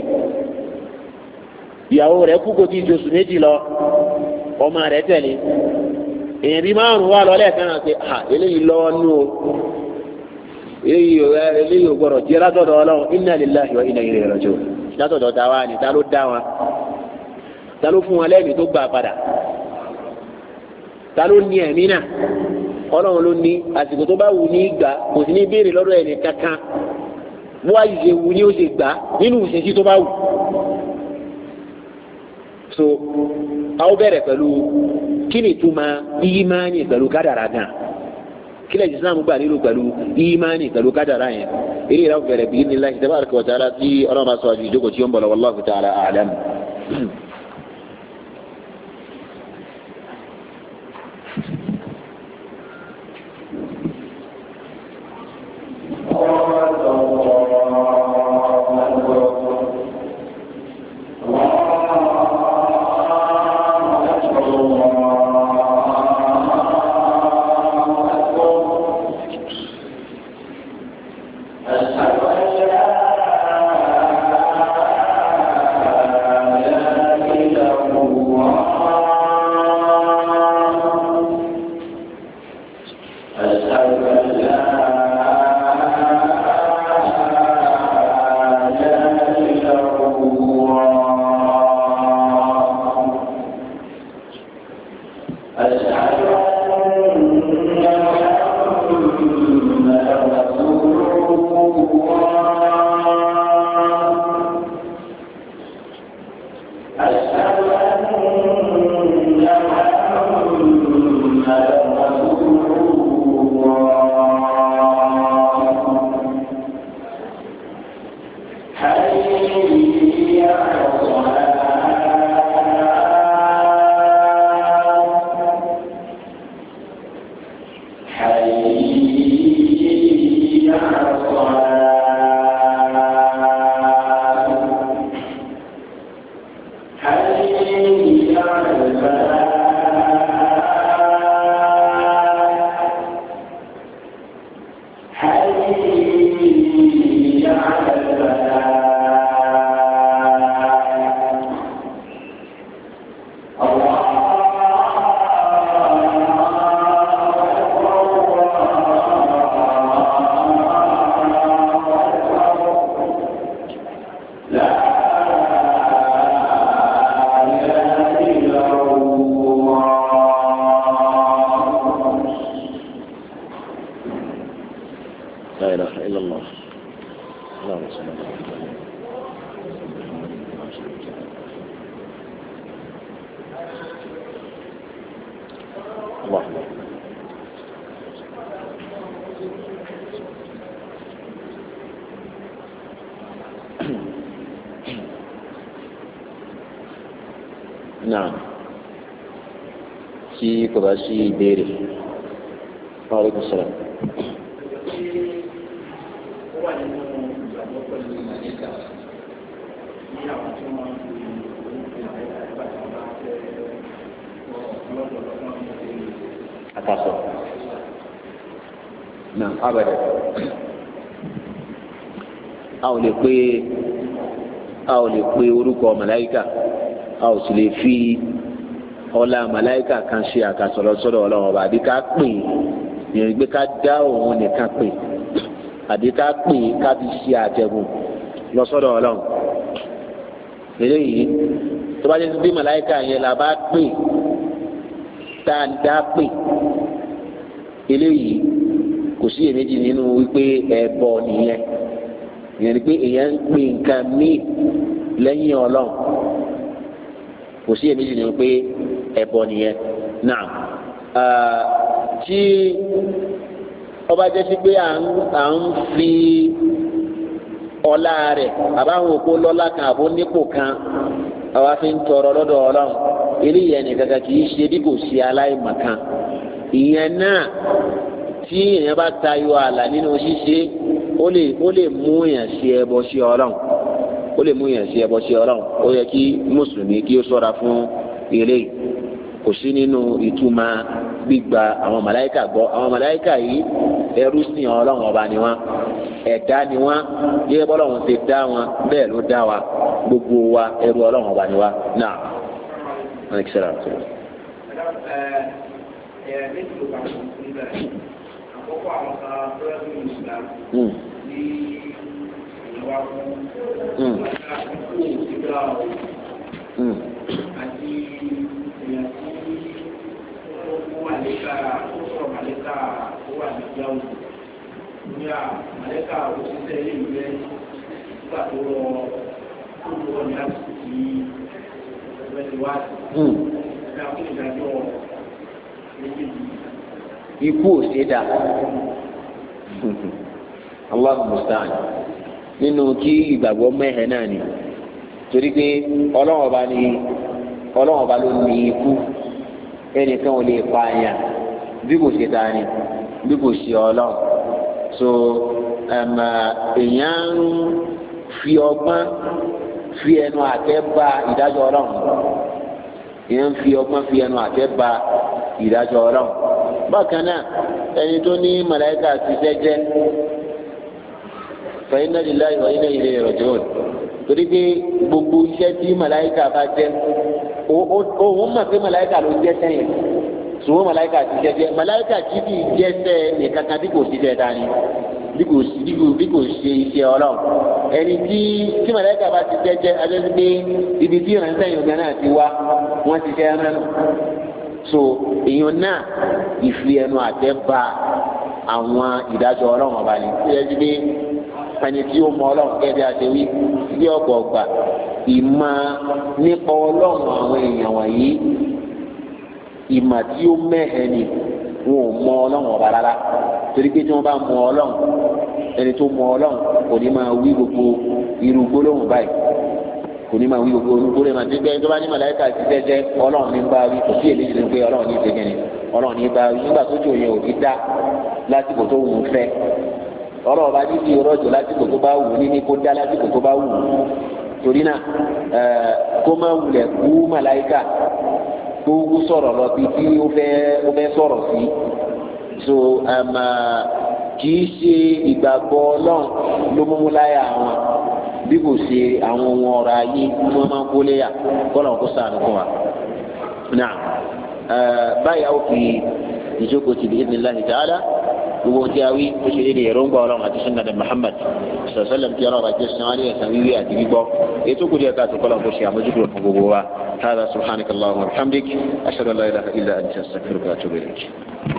ìyàwó rẹ̀ kú kò tí ju oṣù méjì lọ ọmọ rẹ̀ tẹ̀lé èèyàn bíi márùn wà lọ lẹ́ẹ̀kan náà pé à eléyìí lọ́wọ́ nú o eléyìí ò eléyìí ò jẹ́ látọ̀dọ̀ ọlọ́run inna lillahi wa inna ilayhi raji'un látọ̀dọ̀ ta wá ní ta ló dá wọn ta ló fún wọn lẹ́mìí tó gbà padà ta ló ní ẹ̀mí náà ọlọ́run ló ní àsìkò tó bá wù ní ìgbà kò sí ní béèrè lọ́dọ̀ ẹni kankan bó wá ṣe wù ní ó ṣe gbà nínú ìṣesí tó bá wù. so a ó bẹ̀rẹ̀ pẹ̀lú kí ni ìtumọ̀ ìmánì pẹ̀lú kádàrá gan kí lẹ́yìn Islam gbà nílò pẹ̀lú ìmánì pẹ̀lú kádàrá yẹn eré ìlànà bẹ̀rẹ̀ bí ní láti tabaraka wa ta'ala tí ọlọ́run bá sọ àjù ìjókòó tí ó ń bọ̀ lọ́wọ́ Allahu ta'ala a'lam. wá sí ìbéèrè. Aleykum salaam. Atasọ. Naam, abada. A ò lè pe a ò lè pe orúkọ màláíkà a ò sì lè fi ọlá màláìkà kan ṣe àkàsọ̀rọ̀ sọ́dọ̀ ọlọ́run ọba àbí ká pè é ìrìn pé ká dá òun nìkan pè àbí ká pè é ká fi ṣe àtẹ̀gùn lọ sọ́dọ̀ ọlọ́run eléyìí tó bá jẹ́ bí màláìkà yẹn là bá pè tá a dá pè eléyìí kò sí èméjì nínú wípé ẹbọ nìyẹn ìyẹn ni pé èèyàn ń pè nǹkan míì lẹ́yìn ọlọ́run kò sí èméjì nínú pé ẹbọ nìyẹn náà tí ọba jẹ́ sí pé à ń fi ọlá rẹ̀ àbáwọn òkú lọ́lá kan àbó nípò kan àwa fi ń tọrọ lọ́dọ̀ ọlọ́run eléyìí ẹnì kankan kì í ṣe bí kò ṣe aláìmọ̀kan ìyẹn náà tí èèyàn bá tayọ ààlà nínú ṣíṣe ó lè ó lè mú èèyàn ṣe ẹbọ ṣe ọlọ́run ó lè mú èèyàn ṣe ẹbọ ṣe ọlọ́run ó yẹ kí mùsùlùmí kí ó ṣọ́ra fún eléyìí. kò sí nínú ìtumọ̀ gbígba àwọn màláìka gbọ́ àwọn màláìka yìí ẹrú sìn ọlọ́run ọba ni wọ́n ẹ̀dá ni wọ́n yẹ bọ́lọ́run ti dá wọn bẹ́ẹ̀ ló dá wa gbogbo wa ẹrú ọlọ́run ọba ni wa náà wọn kì í sọ̀rọ̀ àtúntò. Mm. Mm. Mm. èèyàn tí ó wà ọrụ ó sọ̀rọ̀ màlẹ́ka ó wà ní ìyá òjò ní à màlẹ́ka ó ti tẹ́ ilé ìwé nígbà tó lọ tó lọ ní àsìkò ọrụ ẹgbẹ́ mustaan ọlọ́run ọba ló ní ikú ẹnìkan ò lè pa àyàn bí kò ṣe ta ni bí kò ṣe ọlọ́run so èèyàn ń fi ọgbọ́n fi ẹnu àtẹ́ bà ìdájọ́ ọlọ́run èèyàn ń fi ọgbọ́n fi ẹnu àtẹ́ bà ìdájọ́ ọlọ́run bákan náà ẹni tó ní màláíkà ti jẹ́jẹ́ fẹ̀yìnà lílá ìwà yìí náà ilé ìrọ̀jọ́ torí pé gbogbo iṣẹ́ tí màláíkà bá jẹ́ òun mọ̀ pé màláìkà ló jẹ́ sẹ́yìn ṣùgbọ́n màláìkà ti jẹ́ jẹ́ màláìkà kì í jẹ́ sẹ́ nìkan kan bí kò sí jẹ́ dání bí kò sí bí kò ṣe iṣẹ́ ọlọ́run ẹni tí tí màláìkà bá ti jẹ́ jẹ́ adéṣe pé ibi tí ìrànṣẹ́ ìyọ̀gá náà ti wá wọ́n ti ṣe ẹran nù so èèyàn náà ìfi ẹnu àtẹ ba àwọn ìdájọ́ ọlọ́run ọba ni tí ẹ ti dé ẹni tí ó mọ ọlọ́run kẹ́ẹ́ bí bí ọ̀pọ̀ ìmọ̀ nípa ọlọ́run àwọn èèyàn wọ̀nyí ìmọ̀ tí ó mẹ́hẹ̀ ni wọn ò mọ ọlọ́run ọba rárá torí pé tí wọ́n bá mọ ọlọ́run ẹni tó mọ ọlọ́run kò ní máa wí gbogbo irú gbólóhùn báyìí kò ní máa wí gbogbo irú gbólóhùn báyìí nígbà tó bá ní màláìka ti jẹjẹ ọlọ́run ní bá wí kò sí èlé ìdílé pé ọlọ́run ní ìdílé kẹ́ni ọlọ́run ní bá wí nígbà tó jò yẹn ò ní dá lásìkò tó wù ú fẹ́ ọlọ́run bá ní bí ọlọ́jọ́ lásìkò tó bá wù ú ní ní kó dá lásìkò tó bá wù ú torina náà kó má wulẹ̀ kú màláìka kó wú sọ̀rọ̀ lọ bí tí ó fẹ́ ó fẹ́ sọ̀rọ̀ sí so ama kì í ṣe ìgbàgbọ́ ọlọ́run ló mú láyà wọn bí kò ṣe àwọn ohun ọ̀rọ̀ ayé tí wọ́n máa ń kó léyà kọ́lọ̀ kó sàánú fún wa. báyà ó fi ìjókòó ti di ìdílé láti dáadáa. gbogbo tí a wí ó ṣe déédéé èròǹgbà ọlọ́run àti sunna Muhammad sọ̀sọ́lẹ̀m tí ọlọ́run àti sunna alẹ́ ẹ̀sán wíwí àti gbígbọ́ ètò kùdí ẹ̀ka àti kọ́lọ̀ kó ṣe àmójútó fún gbogbo wa subhanahu wa hada subhanaka allahumma wa bihamdik ashhadu an la ilaha illa anta astaghfiruka wa atubu ilayk